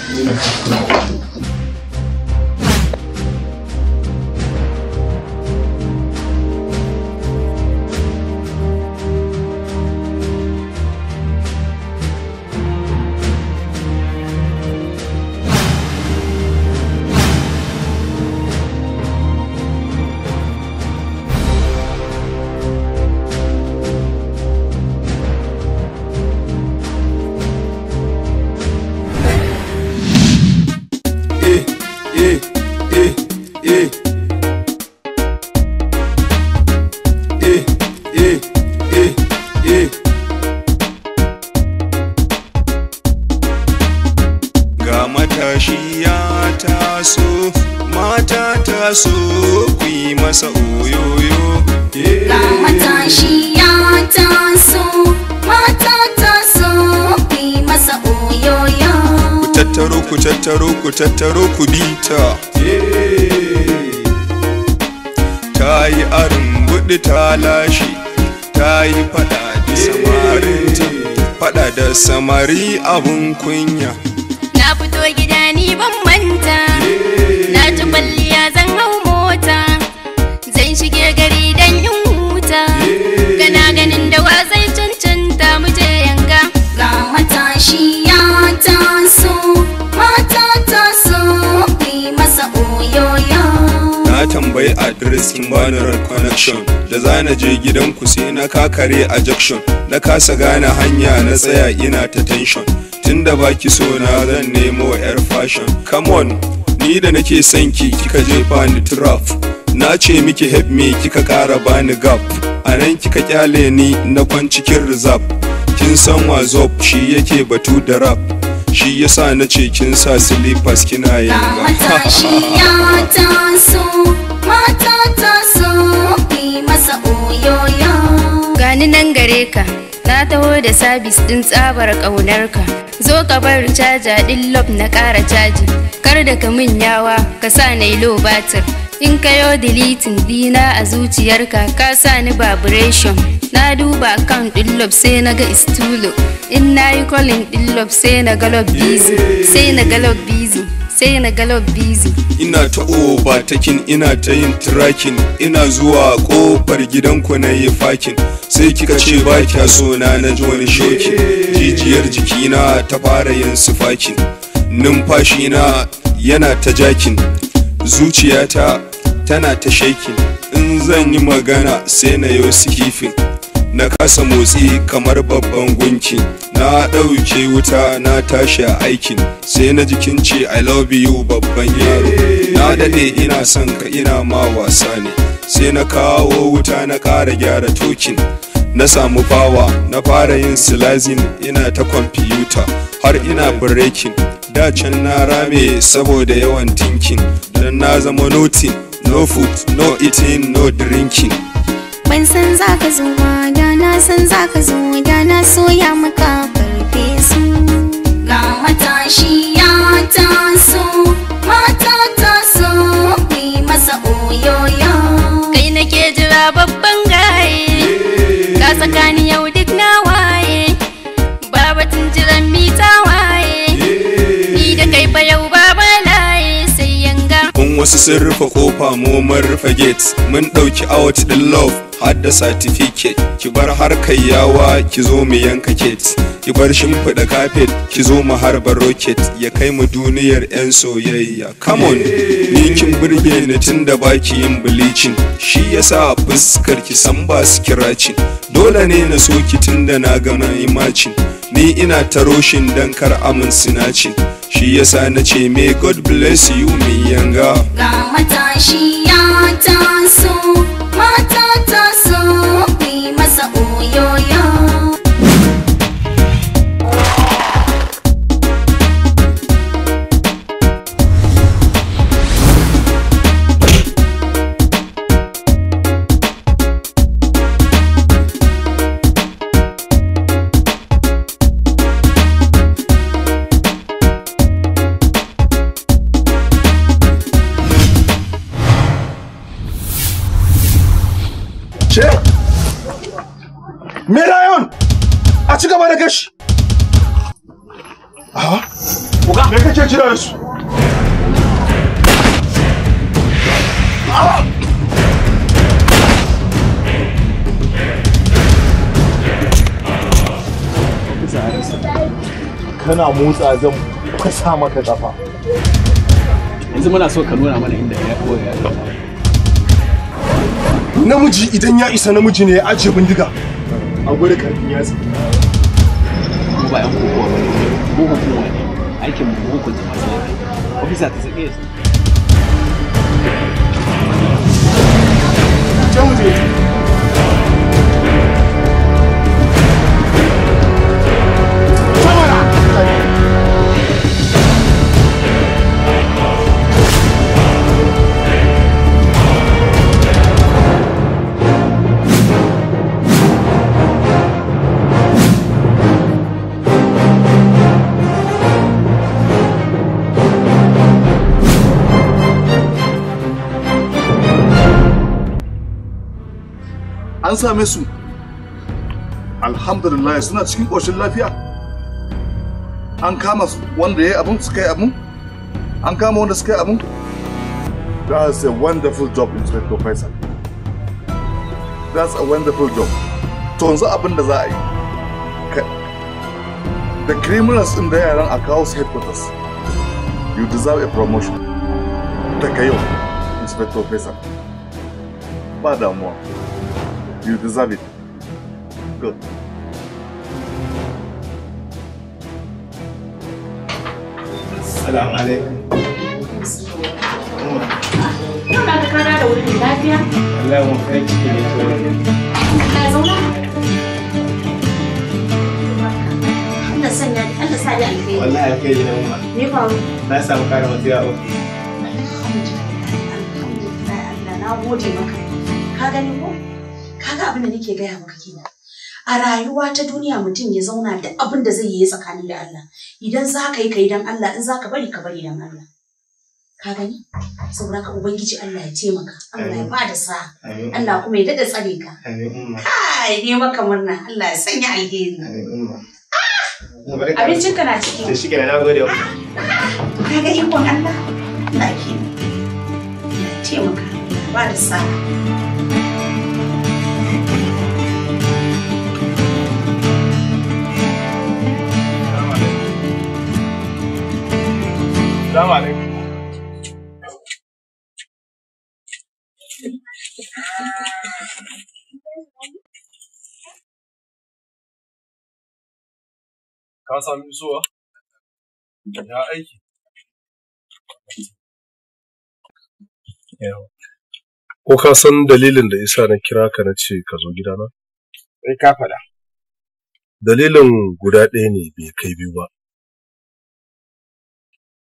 [SPEAKER 4] samari abun kunya action da zana je gidanku sai na kakare a junction na kasa gane hanya na tsaya ina ta tension tunda baki so na zan nemo yar fashion come on ni da nake son ki kika jefa ni trap na ce miki help me kika kara bani gap a nan kika kyale ni na kwan cikin reserve kin san wazop shi yake batu da rap shi yasa na ce kin sa slippers kina shi ya
[SPEAKER 7] taso
[SPEAKER 3] gare ka na taho da sabis din tsabar ƙaunarka zo ka bar caja din lob na ƙara caji kar da ka min yawa ka sa na low batir in ka yo dilitin dina a zuciyarka ka sa ni vibration na duba kan din lob sai na ga istulo in na yi kolin din lob sai na ga lob sai na ga lob busy sai na galo
[SPEAKER 4] busy ina ta takin ina ta yin tracking ina zuwa kofar gidanku na yi fakin sai kika ce ba kya so na na wani shoki jijiyar jikina ta fara yin sifakin numfashina yana ta jakin zuciyata tana ta shaking in zan yi magana sai na yo kifin. na kasa motsi kamar babban gunki na ɗauke wuta na tashi a aikin sai na jikin ce i love you babban yaro na daɗe ina son ka ina ma wasa ne sai na kawo wuta na ƙara gyara tokin na samu bawa na fara yin silazin ina ta kwamfiyuta har ina breaking da can na rame saboda yawan tinkin don na zama noti no food no eating no drinking
[SPEAKER 10] Ban san za ka zo ba da na san za ka zo da na soya maka
[SPEAKER 7] farfesu Ga matashi ya taso mata ta taso mai masa oyoyo Kai nake jira babban gaye
[SPEAKER 10] ka tsakani yau
[SPEAKER 4] wasu sun rufe kofa mu mun rufe gate mun ɗauki out ɗin love har da certificate ki bar harkar yawa ki zo mu yanka gate ki bar shimfiɗa kafet ki zo mu harba rocket ya kai mu duniyar 'yan soyayya come on ni kin burge ni tun da baki yin bleaching shi yasa fuskar ki san ba su kiracin dole ne na so ki tun da na gama imacin ni ina taroshin dankar amin sinacin shi yasa na ce may god bless you mai yanga
[SPEAKER 7] ga matashi ya taso mata taso mai masa oyoyi
[SPEAKER 6] kana motsa zan fasa maka kafa
[SPEAKER 8] yanzu
[SPEAKER 5] muna so ka nuna mana inda ya koya namiji idan ya isa namiji ne ya ajiye bindiga
[SPEAKER 4] a gudu karfin yatsi. mu
[SPEAKER 5] ba
[SPEAKER 8] yan
[SPEAKER 3] kokowa ba ne mu hukuma ne aikin mu hukunta masu laifi ofisa ta sake su
[SPEAKER 5] an same su alhamdulillah suna cikin ƙoshin lafiya an kama wanda ya yi abin suka yi abin an kama wanda suka yi abin that's a wonderful job inspector faisal that's a wonderful job to yanzu abin da za a yi the criminals in there are Akao's headquarters. You deserve a promotion. Take a Inspector ba damuwa. You deserve it. Good. Assalamu alaikum.
[SPEAKER 2] Yau na da wurin
[SPEAKER 8] mun kai cikin ne
[SPEAKER 2] Na zauna. Allah sanya Allah sa da alheri. Wallahi
[SPEAKER 8] alheri ne umma.
[SPEAKER 2] Me
[SPEAKER 8] Na samu karin wasiya ofis.
[SPEAKER 2] Alhamdulillah. Alhamdulillah. Allah na gode maka. Ka gani ko? kaga abin da nake gaya maka kenan a rayuwa ta duniya mutum ya zauna da abin da zai yi tsakani da Allah idan za ka yi ka yi dan Allah in za ka bari ka bari don Allah ka gani saboda ka ubangiji Allah ya taimaka Allah ya bada sa Allah kuma ya dada tsare ka kai ne maka murna Allah ya sanya alheri
[SPEAKER 7] ah!
[SPEAKER 2] abincin ka na ciki da
[SPEAKER 8] shike na gode ah!
[SPEAKER 2] ka ga ikon Allah ke ya taimaka ba da sa
[SPEAKER 5] Assalamu alaikum.
[SPEAKER 9] Ka sami zuwa? Ya aiki. Ko ka san dalilin da isa na kira ka na ce ka zo gidana? Sai eh, ka faɗa. Dalilin guda ɗaya ne bai kai biyu ba.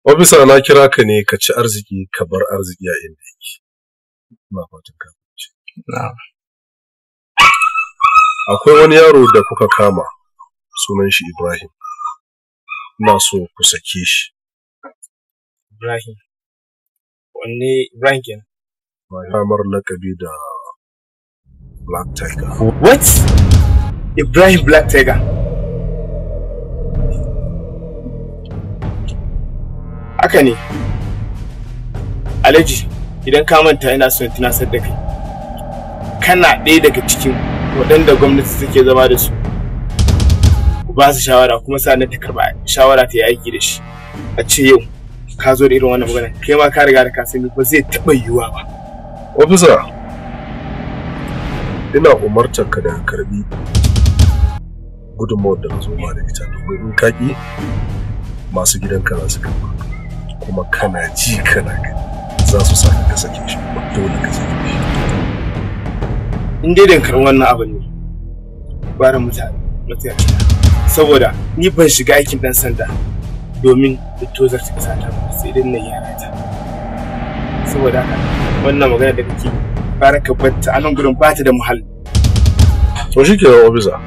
[SPEAKER 9] Ofisa na kira ka ne ka ci arziki ka bar arziki a inda yake. Ina fatan ka Akwai wani yaro da kuka kama sunan shi Ibrahim. Ina so ku sake shi. Ibrahim. Wanne Ibrahim kenan? Kamar lakabi da Black
[SPEAKER 7] Tiger.
[SPEAKER 8] What? Ibrahim Black Tiger. haka ne alhaji idan ka manta ina son tunasar da kai kana ɗaya daga cikin waɗanda gwamnati take zama da su ku ba su shawara kuma sa ta karɓa shawara ta yi aiki da shi a ce yau ka zo da irin wannan magana kai ma ka riga da ka sani ba zai taɓa yiwuwa ba ofisa
[SPEAKER 4] ina umartar ka da karbi gudunmawar da ka zo ma da ita domin in kaƙi masu gidanka za su karɓa kuma kana ji kana gani
[SPEAKER 5] za su saka ka sake shi ba dole ka sake shi in dai
[SPEAKER 8] dan wannan abin ne bara mutane mutane saboda ni ban shiga aikin dan sanda domin littozar ta kasa ta sai dai na yara ta saboda haka wannan magana da kake bara ka batta a nan gurin ba ta da muhalli
[SPEAKER 5] to shi ke ofisa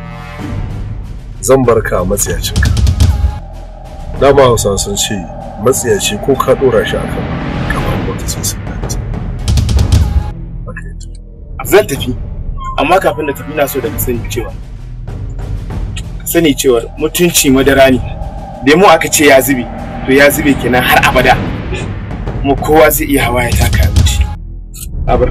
[SPEAKER 5] zan barka a matsayacin ka dama hausa sun ce matsiyaci ko ka ɗora shi a kan kamar wata sosai zan tafi
[SPEAKER 8] amma kafin da tafi na so da ka sani cewa sani cewa mutunci madara ne da mu aka ce ya zube to ya zube kenan har abada kuma kowa zai iya hawa ya taka wuce abar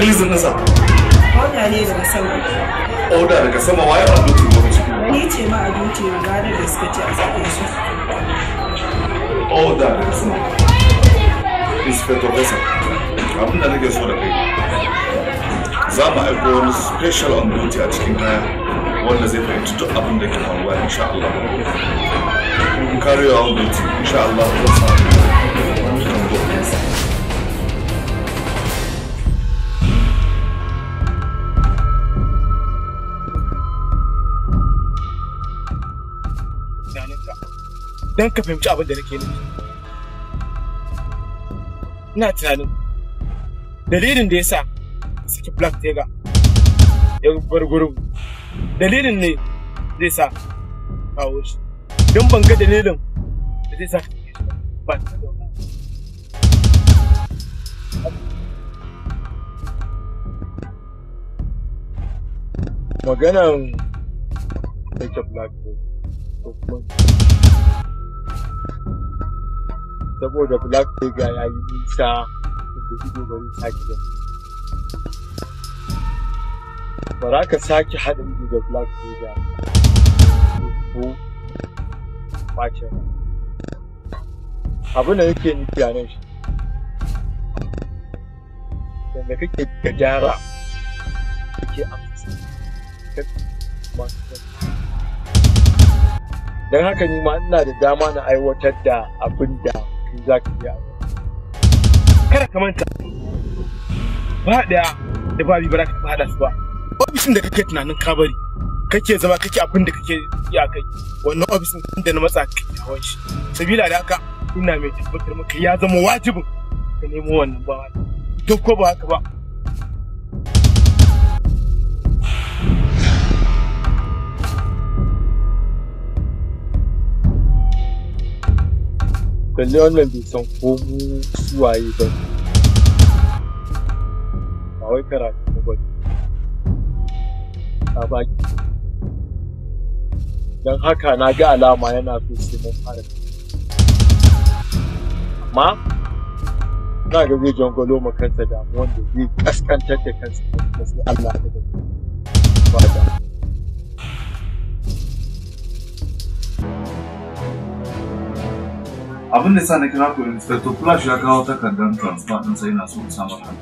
[SPEAKER 5] release ɗinsa?
[SPEAKER 2] Oda ne daga sama.
[SPEAKER 5] Oda daga sama waye a duty
[SPEAKER 2] lokacin? Ni ce ma a duty ranar da suka ce a sake su. Oda daga
[SPEAKER 5] sama. Inspector Besson, abin da nake so da kai. Za mu aiko wani special on duty a cikin kaya wanda zai fahimci duk abin da ke faruwa insha Allah. Kun karewa on duty insha Allah zan samu. Thank you.
[SPEAKER 8] don ka fahimci abin da nake nufi ina tunanin dalilin da ya sa saki black tega ya bar gurin dalilin ne zai sa kawo shi don ban ga dalilin da zai sa ka ba ta da
[SPEAKER 6] maganan saki black tega saboda black tiger ya yi nisa da ido bari sake da bara ka sake haɗa ido da black tiger ko ɓacin abin da yake nufi a nan shi da kake gajara kake amsa don haka ni ma ina da dama na aiwatar da abin da kada ka manta ba daya da babi ba za ka hada su ba ofishin da
[SPEAKER 8] kake tunanin ka bari kake zama kake abin da kake iya kai wannan ofisin da na matsa kai hawan shi sabila da haka ina mai tabbatar maka ya zama wajibin ka nemo wannan
[SPEAKER 6] ba duk ko ba haka ba lalle wannan bai san ko mu suwaye ba ba wai karatu ba a baki don haka na ga alama yana so sai mun fara amma na ga zai jangolo ma kansa damuwan da zai kaskantar da kansa sai Allah ya ba
[SPEAKER 5] abin e e da sa na kira ku inspector flash ya kawo takardar transfer ɗinsa yana so sa maka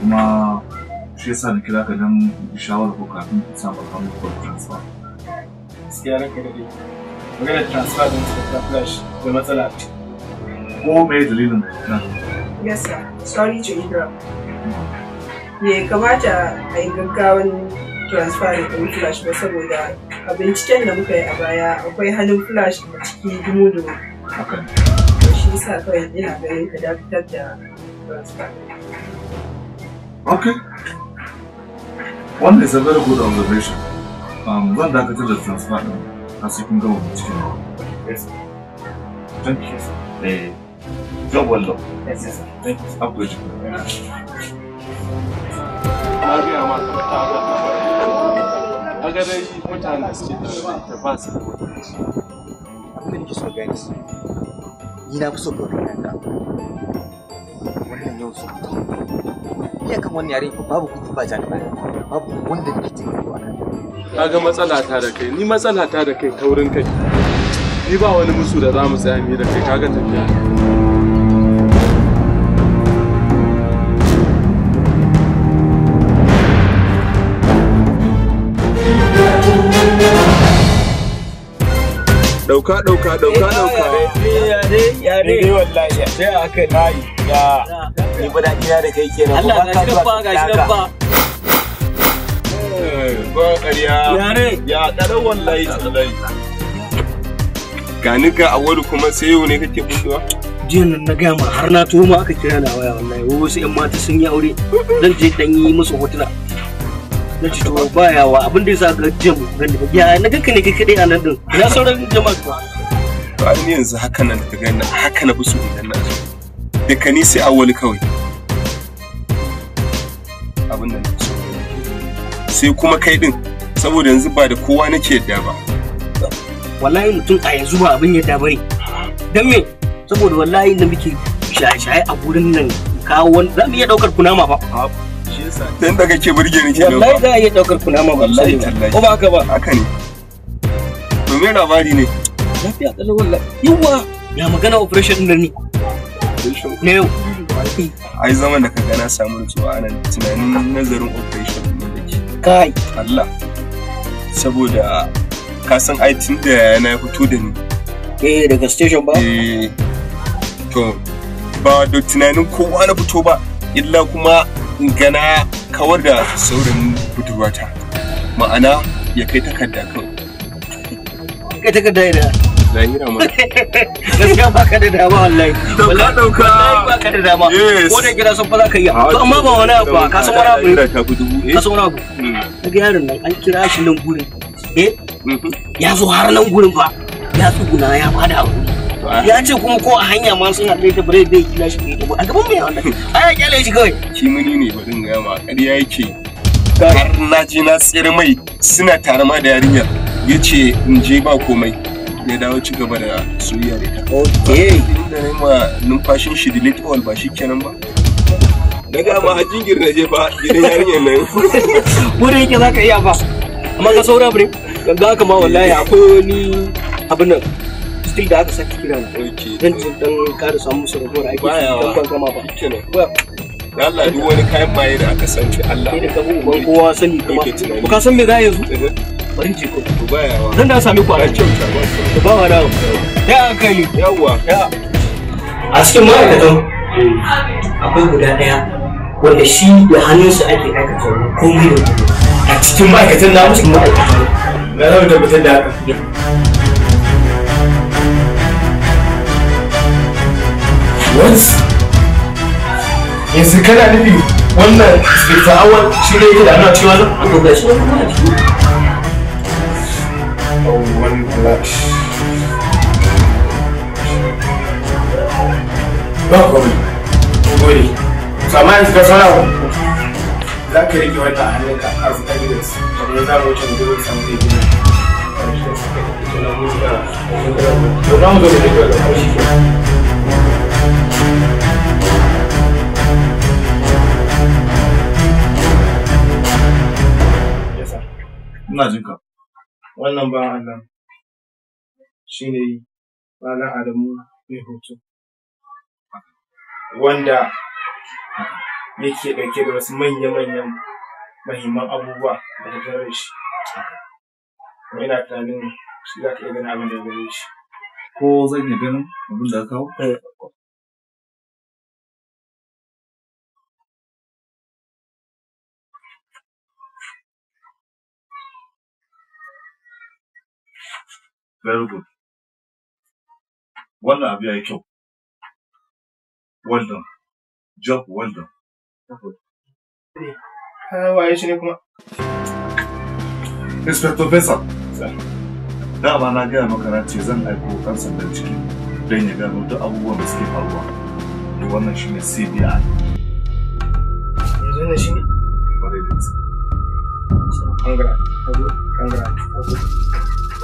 [SPEAKER 5] kuma shi yasa na kira ka don shawara ko kafin
[SPEAKER 4] ku sa maka mutuwar transfer gaskiya ranka da dai
[SPEAKER 5] maganar
[SPEAKER 8] transfer ɗin inspector flash da matsala ko me dalilin
[SPEAKER 2] na yes sir sorry to interrupt bai kamata a yi gaggawan transfer da flash ba saboda a binciken da muka yi a baya akwai hannun flash a ciki dumu-dumu shi yasa kawai ina ganin ka dakatar da
[SPEAKER 5] okay is a very good observation um, zan dakatar da transfer din har sai kun gama binciken yes thank you eh job well done yes sir thank you Thank na Thank you. Thank
[SPEAKER 8] you. Thank you. Thank
[SPEAKER 3] you. Thank you. Thank you. abin nake so gani ni na fi so kawai ka wannan yau su mutu iya kan wannan yare babu kuɗi ba jani ba babu wanda
[SPEAKER 7] nake taimako a nan
[SPEAKER 6] kaga matsala ta da kai ni matsala ta da kai taurin kai ni ba wani musu da za mu tsaya mi da kai kaga tafiya
[SPEAKER 7] Dauka
[SPEAKER 8] dauka dauka eh, dauka.
[SPEAKER 3] ya eh, yare. Ni wallahi ya. Sai
[SPEAKER 8] aka nayi. Ya. Ni ba daɗi na da kai kenan. Allah ka ba ga shi ba.
[SPEAKER 4] Eh, ba ƙarya. Ya dare wallahi tsalai. Gani ga awadu kuma sai yau ne kake fitowa.
[SPEAKER 3] jiya nan na gaya ma har na tuhuma ma aka kira na waya wallahi wasu 'yan mata sun yi aure dan je dan yi musu hotuna na ci to
[SPEAKER 4] ba yawa abin da yasa ga jam gani ba ya
[SPEAKER 3] na ganka ne kai kadai a nan din
[SPEAKER 4] na sauran jama'a ba to ai ni yanzu haka nan da gani haka na busu da na da kani sai awwali kawai abin da nake so sai kuma kai din saboda yanzu ba da kowa nake yadda ba
[SPEAKER 3] wallahi mutum a yanzu ba abin yadda bane dan me saboda wallahi da muke shaye-shaye a gurin nan kawo wani za mu iya daukar kunama ba dan da kake burge ni kenan wallahi za a iya daukar kuna ma wallahi ko ba haka ba haka ne to me labari ne lafiya
[SPEAKER 4] kalau wallahi yawa ya magana operation din ne ne yau ai zaman da kaga na samu nutsuwa nan tunanin nazarin operation din da ke kai Allah saboda ka san ai tun da na fito da ni eh daga station ba eh to ba da tunanin kowa na fito ba illa kuma gana kawar da saurin budurwata ma'ana ya kai takarda kan
[SPEAKER 3] kai takarda ina zahira ma gaskiya ba ka da dama wallahi wallahi dauka ba ka da dama ko da gida sun fa za ka yi ah, to amma ba wani abu ka san wani abu eh? ka san wani abu hmm. ga yaron nan an kira shi nan gurin eh hmm. ya zo har nan gurin ba ya tsuguna ya bada abu ya ce kuma ko a hanya ma suna kai ta bare bai kila shi bai a gaban mai wannan
[SPEAKER 4] ai ya kyale shi kawai shi muni ne ba din ga ma ƙarya yake har na ji na tsere mai suna tare ma da yarinyar ya ce in je ba komai ya dawo ci gaba da soyayya da ita okay inda ne ma numfashin shi delete all ba shi kenan ba na ga ma hajjin girna je ba gidan yarinyar nan
[SPEAKER 2] wurin yake
[SPEAKER 3] zaka iya ba amma ka saura bre ga kama wallahi akwai wani abin nan duk da aka sake kira na zan je dan kara samu musu rabuwar aiki dan ban gama ba Allah duk wani kayan maye da aka san shi Allah ne ban kowa sani kuma ku ka san me za yanzu eh, eh. bari ko bayawa zan da sami ku a kyau ku ba wa dawo ya yawa a cikin ma'aikatan akwai guda daya wanda shi da hannunsa ake aikata komai da komai a cikin ma'aikatan na musu ma'aikatan na zama tabbatar da haka
[SPEAKER 8] what yanzu kana nufi wannan inspector awal shi ne yake da ana cewa nan an dogara shi Oh, one collapse. Ba komai. Gode. Sama yanzu ka sana za ka rike wata hannun ka as evidence
[SPEAKER 7] kamar za mu wucin gurin samu zai gina ƙarshen suka ita da ƙarshen da da ƙarshen da ƙarshen
[SPEAKER 9] ina jin ka wannan ba Allah shine malam Adamu mai hoto wanda
[SPEAKER 8] yake ɗauke da wasu manya-manyan mahimman abubuwa da ta tare shi kuma ina tunanin shi za ka iya ganin abin da gare shi
[SPEAKER 9] ko zan iya ganin abin da ka kawo eh. very good wannan abu yayi kyau well done
[SPEAKER 5] job well done waye shi ne kuma inspector da dama na gaya maka na ce zan aiko kan sandan ciki don ya gano duk abubuwan da suke faruwa to wannan shine CBI yanzu ne shine ba da
[SPEAKER 8] Congrats. Congrats. Congrats.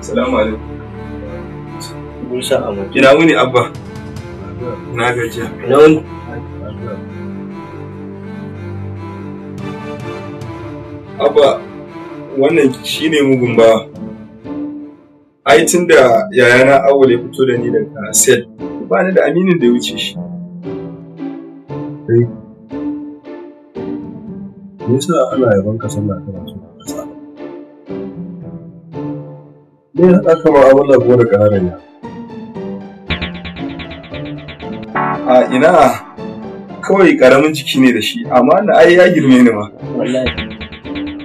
[SPEAKER 3] Salamu alaikum. Musa Amadu.
[SPEAKER 4] Ina wuni Abba. Na gajiya. Ina wuni. Abba, wannan shi ne mugun bawa. Ai tun da yayana Awul ya fito da ni daga Sel, ba da aminin da ya wuce shi
[SPEAKER 9] kai eh.
[SPEAKER 6] me yasa ana yaban ka sallah kana so ka
[SPEAKER 4] me ya haɗa ma Allah ko da ƙararin a ina kawai karamin jiki ne da shi amma na ai ya girme ni ma wallahi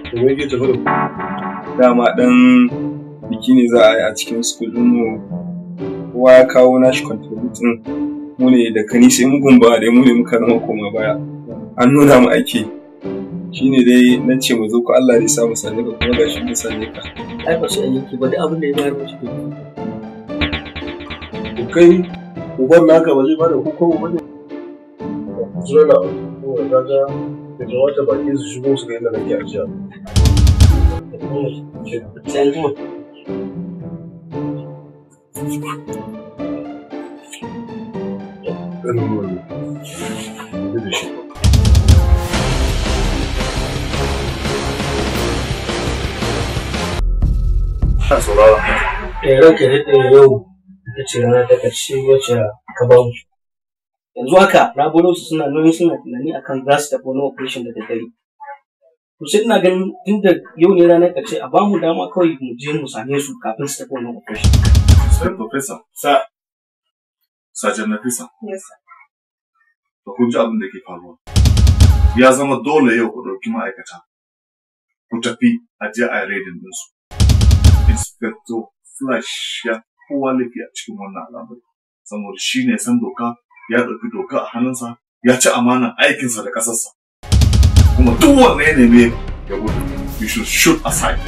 [SPEAKER 4] kuma yake tafi da dama dan biki ne za a yi a cikin school mu kowa ya kawo nashi contributing mu ne da kani sai mugun ba dai mu ne muka nuna koma baya an nuna mu aiki shine dai na ce mu zo ku Allah ne samu sanye ka kuma gashi mu sanye ka ai ba shi ayyuki ba duk abin da ya bayar mu shi
[SPEAKER 3] ne kai uban naka ba zai bada hukumu ba ne zuwa na ko
[SPEAKER 9] da ga da ga wata baki su shigo su ga yadda nake ajiya
[SPEAKER 7] Thank you. Gida. Ɗan wani. Gida shi.
[SPEAKER 6] Ina saurara. Eh ranka daɗe yau
[SPEAKER 3] ita ce rana ta ƙarshe wacce ka ba Yanzu haka na su suna nauyin suna tunani akan za su tafi wani operation da daddare. to sai ina ganin tun da yau ne ranar ƙarshe a bamu dama kawai mu je mu same su kafin su tafi wani operation Sir Professor.
[SPEAKER 9] Yes sir. To kun ji abin da ke faruwa.
[SPEAKER 5] Ya zama dole yau ku ɗauki ma'aikata. Ku tafi a je a raidin ɗinsu. Inspector Flash ya kowa laifi a cikin wannan al'amari. Saboda shi ne san doka ya ɗauki doka a hannunsa ya ci amanan aikinsa da ƙasarsa. Kuma duk wanne ya neme ya gudu. You should shoot aside.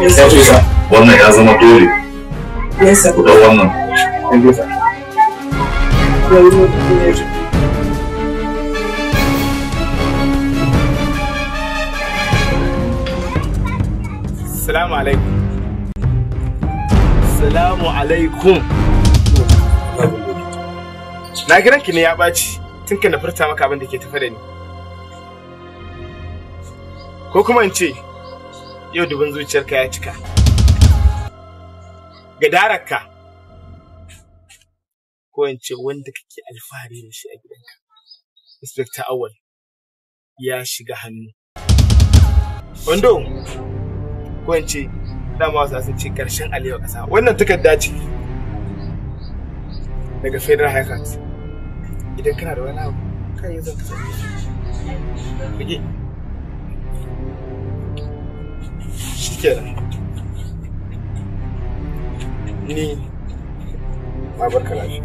[SPEAKER 5] Yes, sir. Wannan ya zama dole. Yes, sir. Kuɗin wannan. Thank you, sir.
[SPEAKER 8] Salamu alaikum. Salamu alaikum. Na gidan ki ne ya ɓaci tun kan na furta maka abin da ke tafa da ni. Ko kuma in ce yau dubin zuciyarka ya cika. gadararka ko in ce wanda kake alfahari da shi a gidanka inspector awal ya shiga hannu wando ko in ce dama wasu sun ce karshen aliyu kasa wannan takarda ce daga federal high court idan kana da wani abu kan yi zan kasance shi kenan ni na barka
[SPEAKER 7] lafiya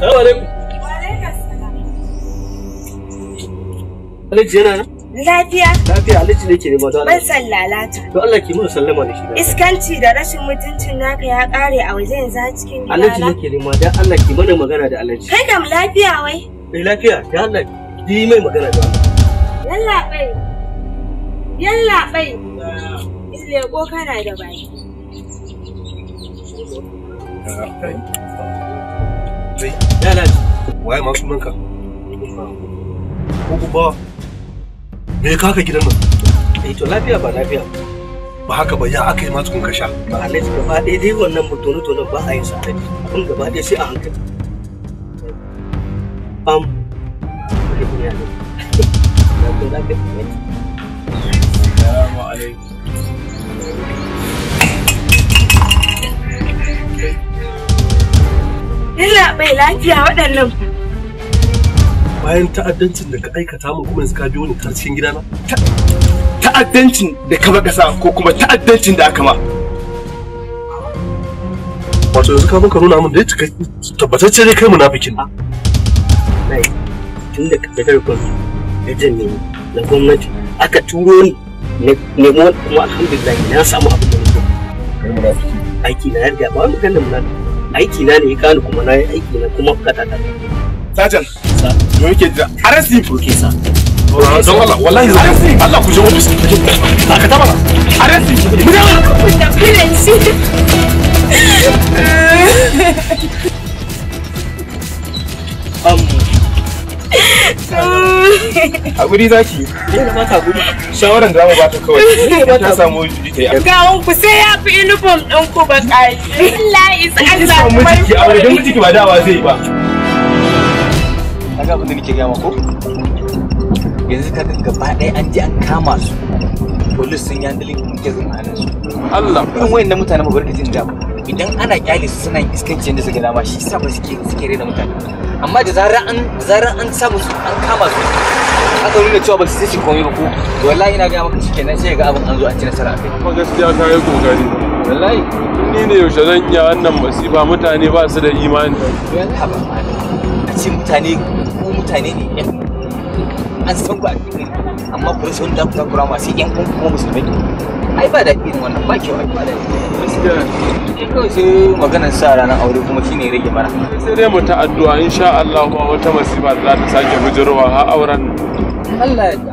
[SPEAKER 7] Salamu alaikum. Wa alaikum salam.
[SPEAKER 3] Alhaji yana nan? Lafiya. Lafiya Alhaji ne ke nema don Allah. Ban
[SPEAKER 2] sallalata. To Allah
[SPEAKER 3] ki mun sallama da shi.
[SPEAKER 2] Iskanci da rashin mutuncin naka ya kare a waje yanzu a cikin gidana. Alhaji ne
[SPEAKER 3] ke nema don Allah ki mana magana da Alhaji.
[SPEAKER 2] Kai kam lafiya wai?
[SPEAKER 3] Eh, lafiya da Allah ki mai magana da Allah.
[SPEAKER 2] Yalla bai. Yalla bai. kana da baki.
[SPEAKER 3] Yalat. Waye ma sunanka? Ko kuma me ka gidan nan? Eh to lafiya ba lafiya. Ba haka ba ya aka yi masu kun kasha. Ba Allah gaba ɗaya dai wannan mutono tono ba a yin sa tani. Abin gaba ɗaya sai a hankali. Bam. Assalamu alaikum.
[SPEAKER 2] bayan bai lafiya waɗannan.
[SPEAKER 3] Bayan ta'addancin da ka aikata min kuma yanzu ka biyo ni ta cikin gidana? Ta'addancin da ka ƙasa ko kuma ta'addancin da aka ma.
[SPEAKER 5] Wato yanzu ka zo nuna min da ya cika tabbatacce dai kai munafikin.
[SPEAKER 3] Nai, tun da ka fitar kun da jin na gwamnati aka turo ni nemo kuma alhamdulillah na samu abin da nake. Kai munafiki. Aiki na yarda ba wani ganin munafiki. aiki na ne ya kani kuma na yi aiki na kuma kata ta sajan me yake jira arasi oke sa don Allah wallahi arasi Allah ku je wani ofis ka ta mana arasi mu je mana um Hakuri za ki. Ne na mata hakuri.
[SPEAKER 8] ba ta kawai. Ta samu jiki ta yi.
[SPEAKER 2] Gawon ku sai ya fi uniform ɗin ku ba ƙari. Allah isa Allah. Ki samu jiki
[SPEAKER 3] a wani don jiki ba dawa zai ba. Kaga abin da nake gama ko? Yanzu ka gaba ɗaya an je an kama su. Polis sun yi handling in kezin hannun su. Allah. Irin wayan na mutane mabarkacin da ba. idan ana kyale su suna iskancin da suka dama shi sa ba suke suke rena mutane amma da zarar an zarar an samu su an kama su aka nuna cewa ba su sai komai ba ko wallahi ina ga maka shikenan sai ga abin an zo an ci nasara kai kuma gaskiya
[SPEAKER 6] ka yi kokari wallahi ni ne yaushe zan iya wannan masifa mutane ba su da imani
[SPEAKER 3] wallahi ba a ce mutane ko mutane ne an san ku a cikin amma kun san da kuka kura masu yan kun kuma musulmai ai ba da irin wannan ba kyau ai ba da eh, kawai
[SPEAKER 6] sai maganar sa ranar aure kuma shine ya rage mana sai dai mu ta addu'a insha Allah kuma wata masifa za ta sake bujirowa har auren
[SPEAKER 2] Allah ya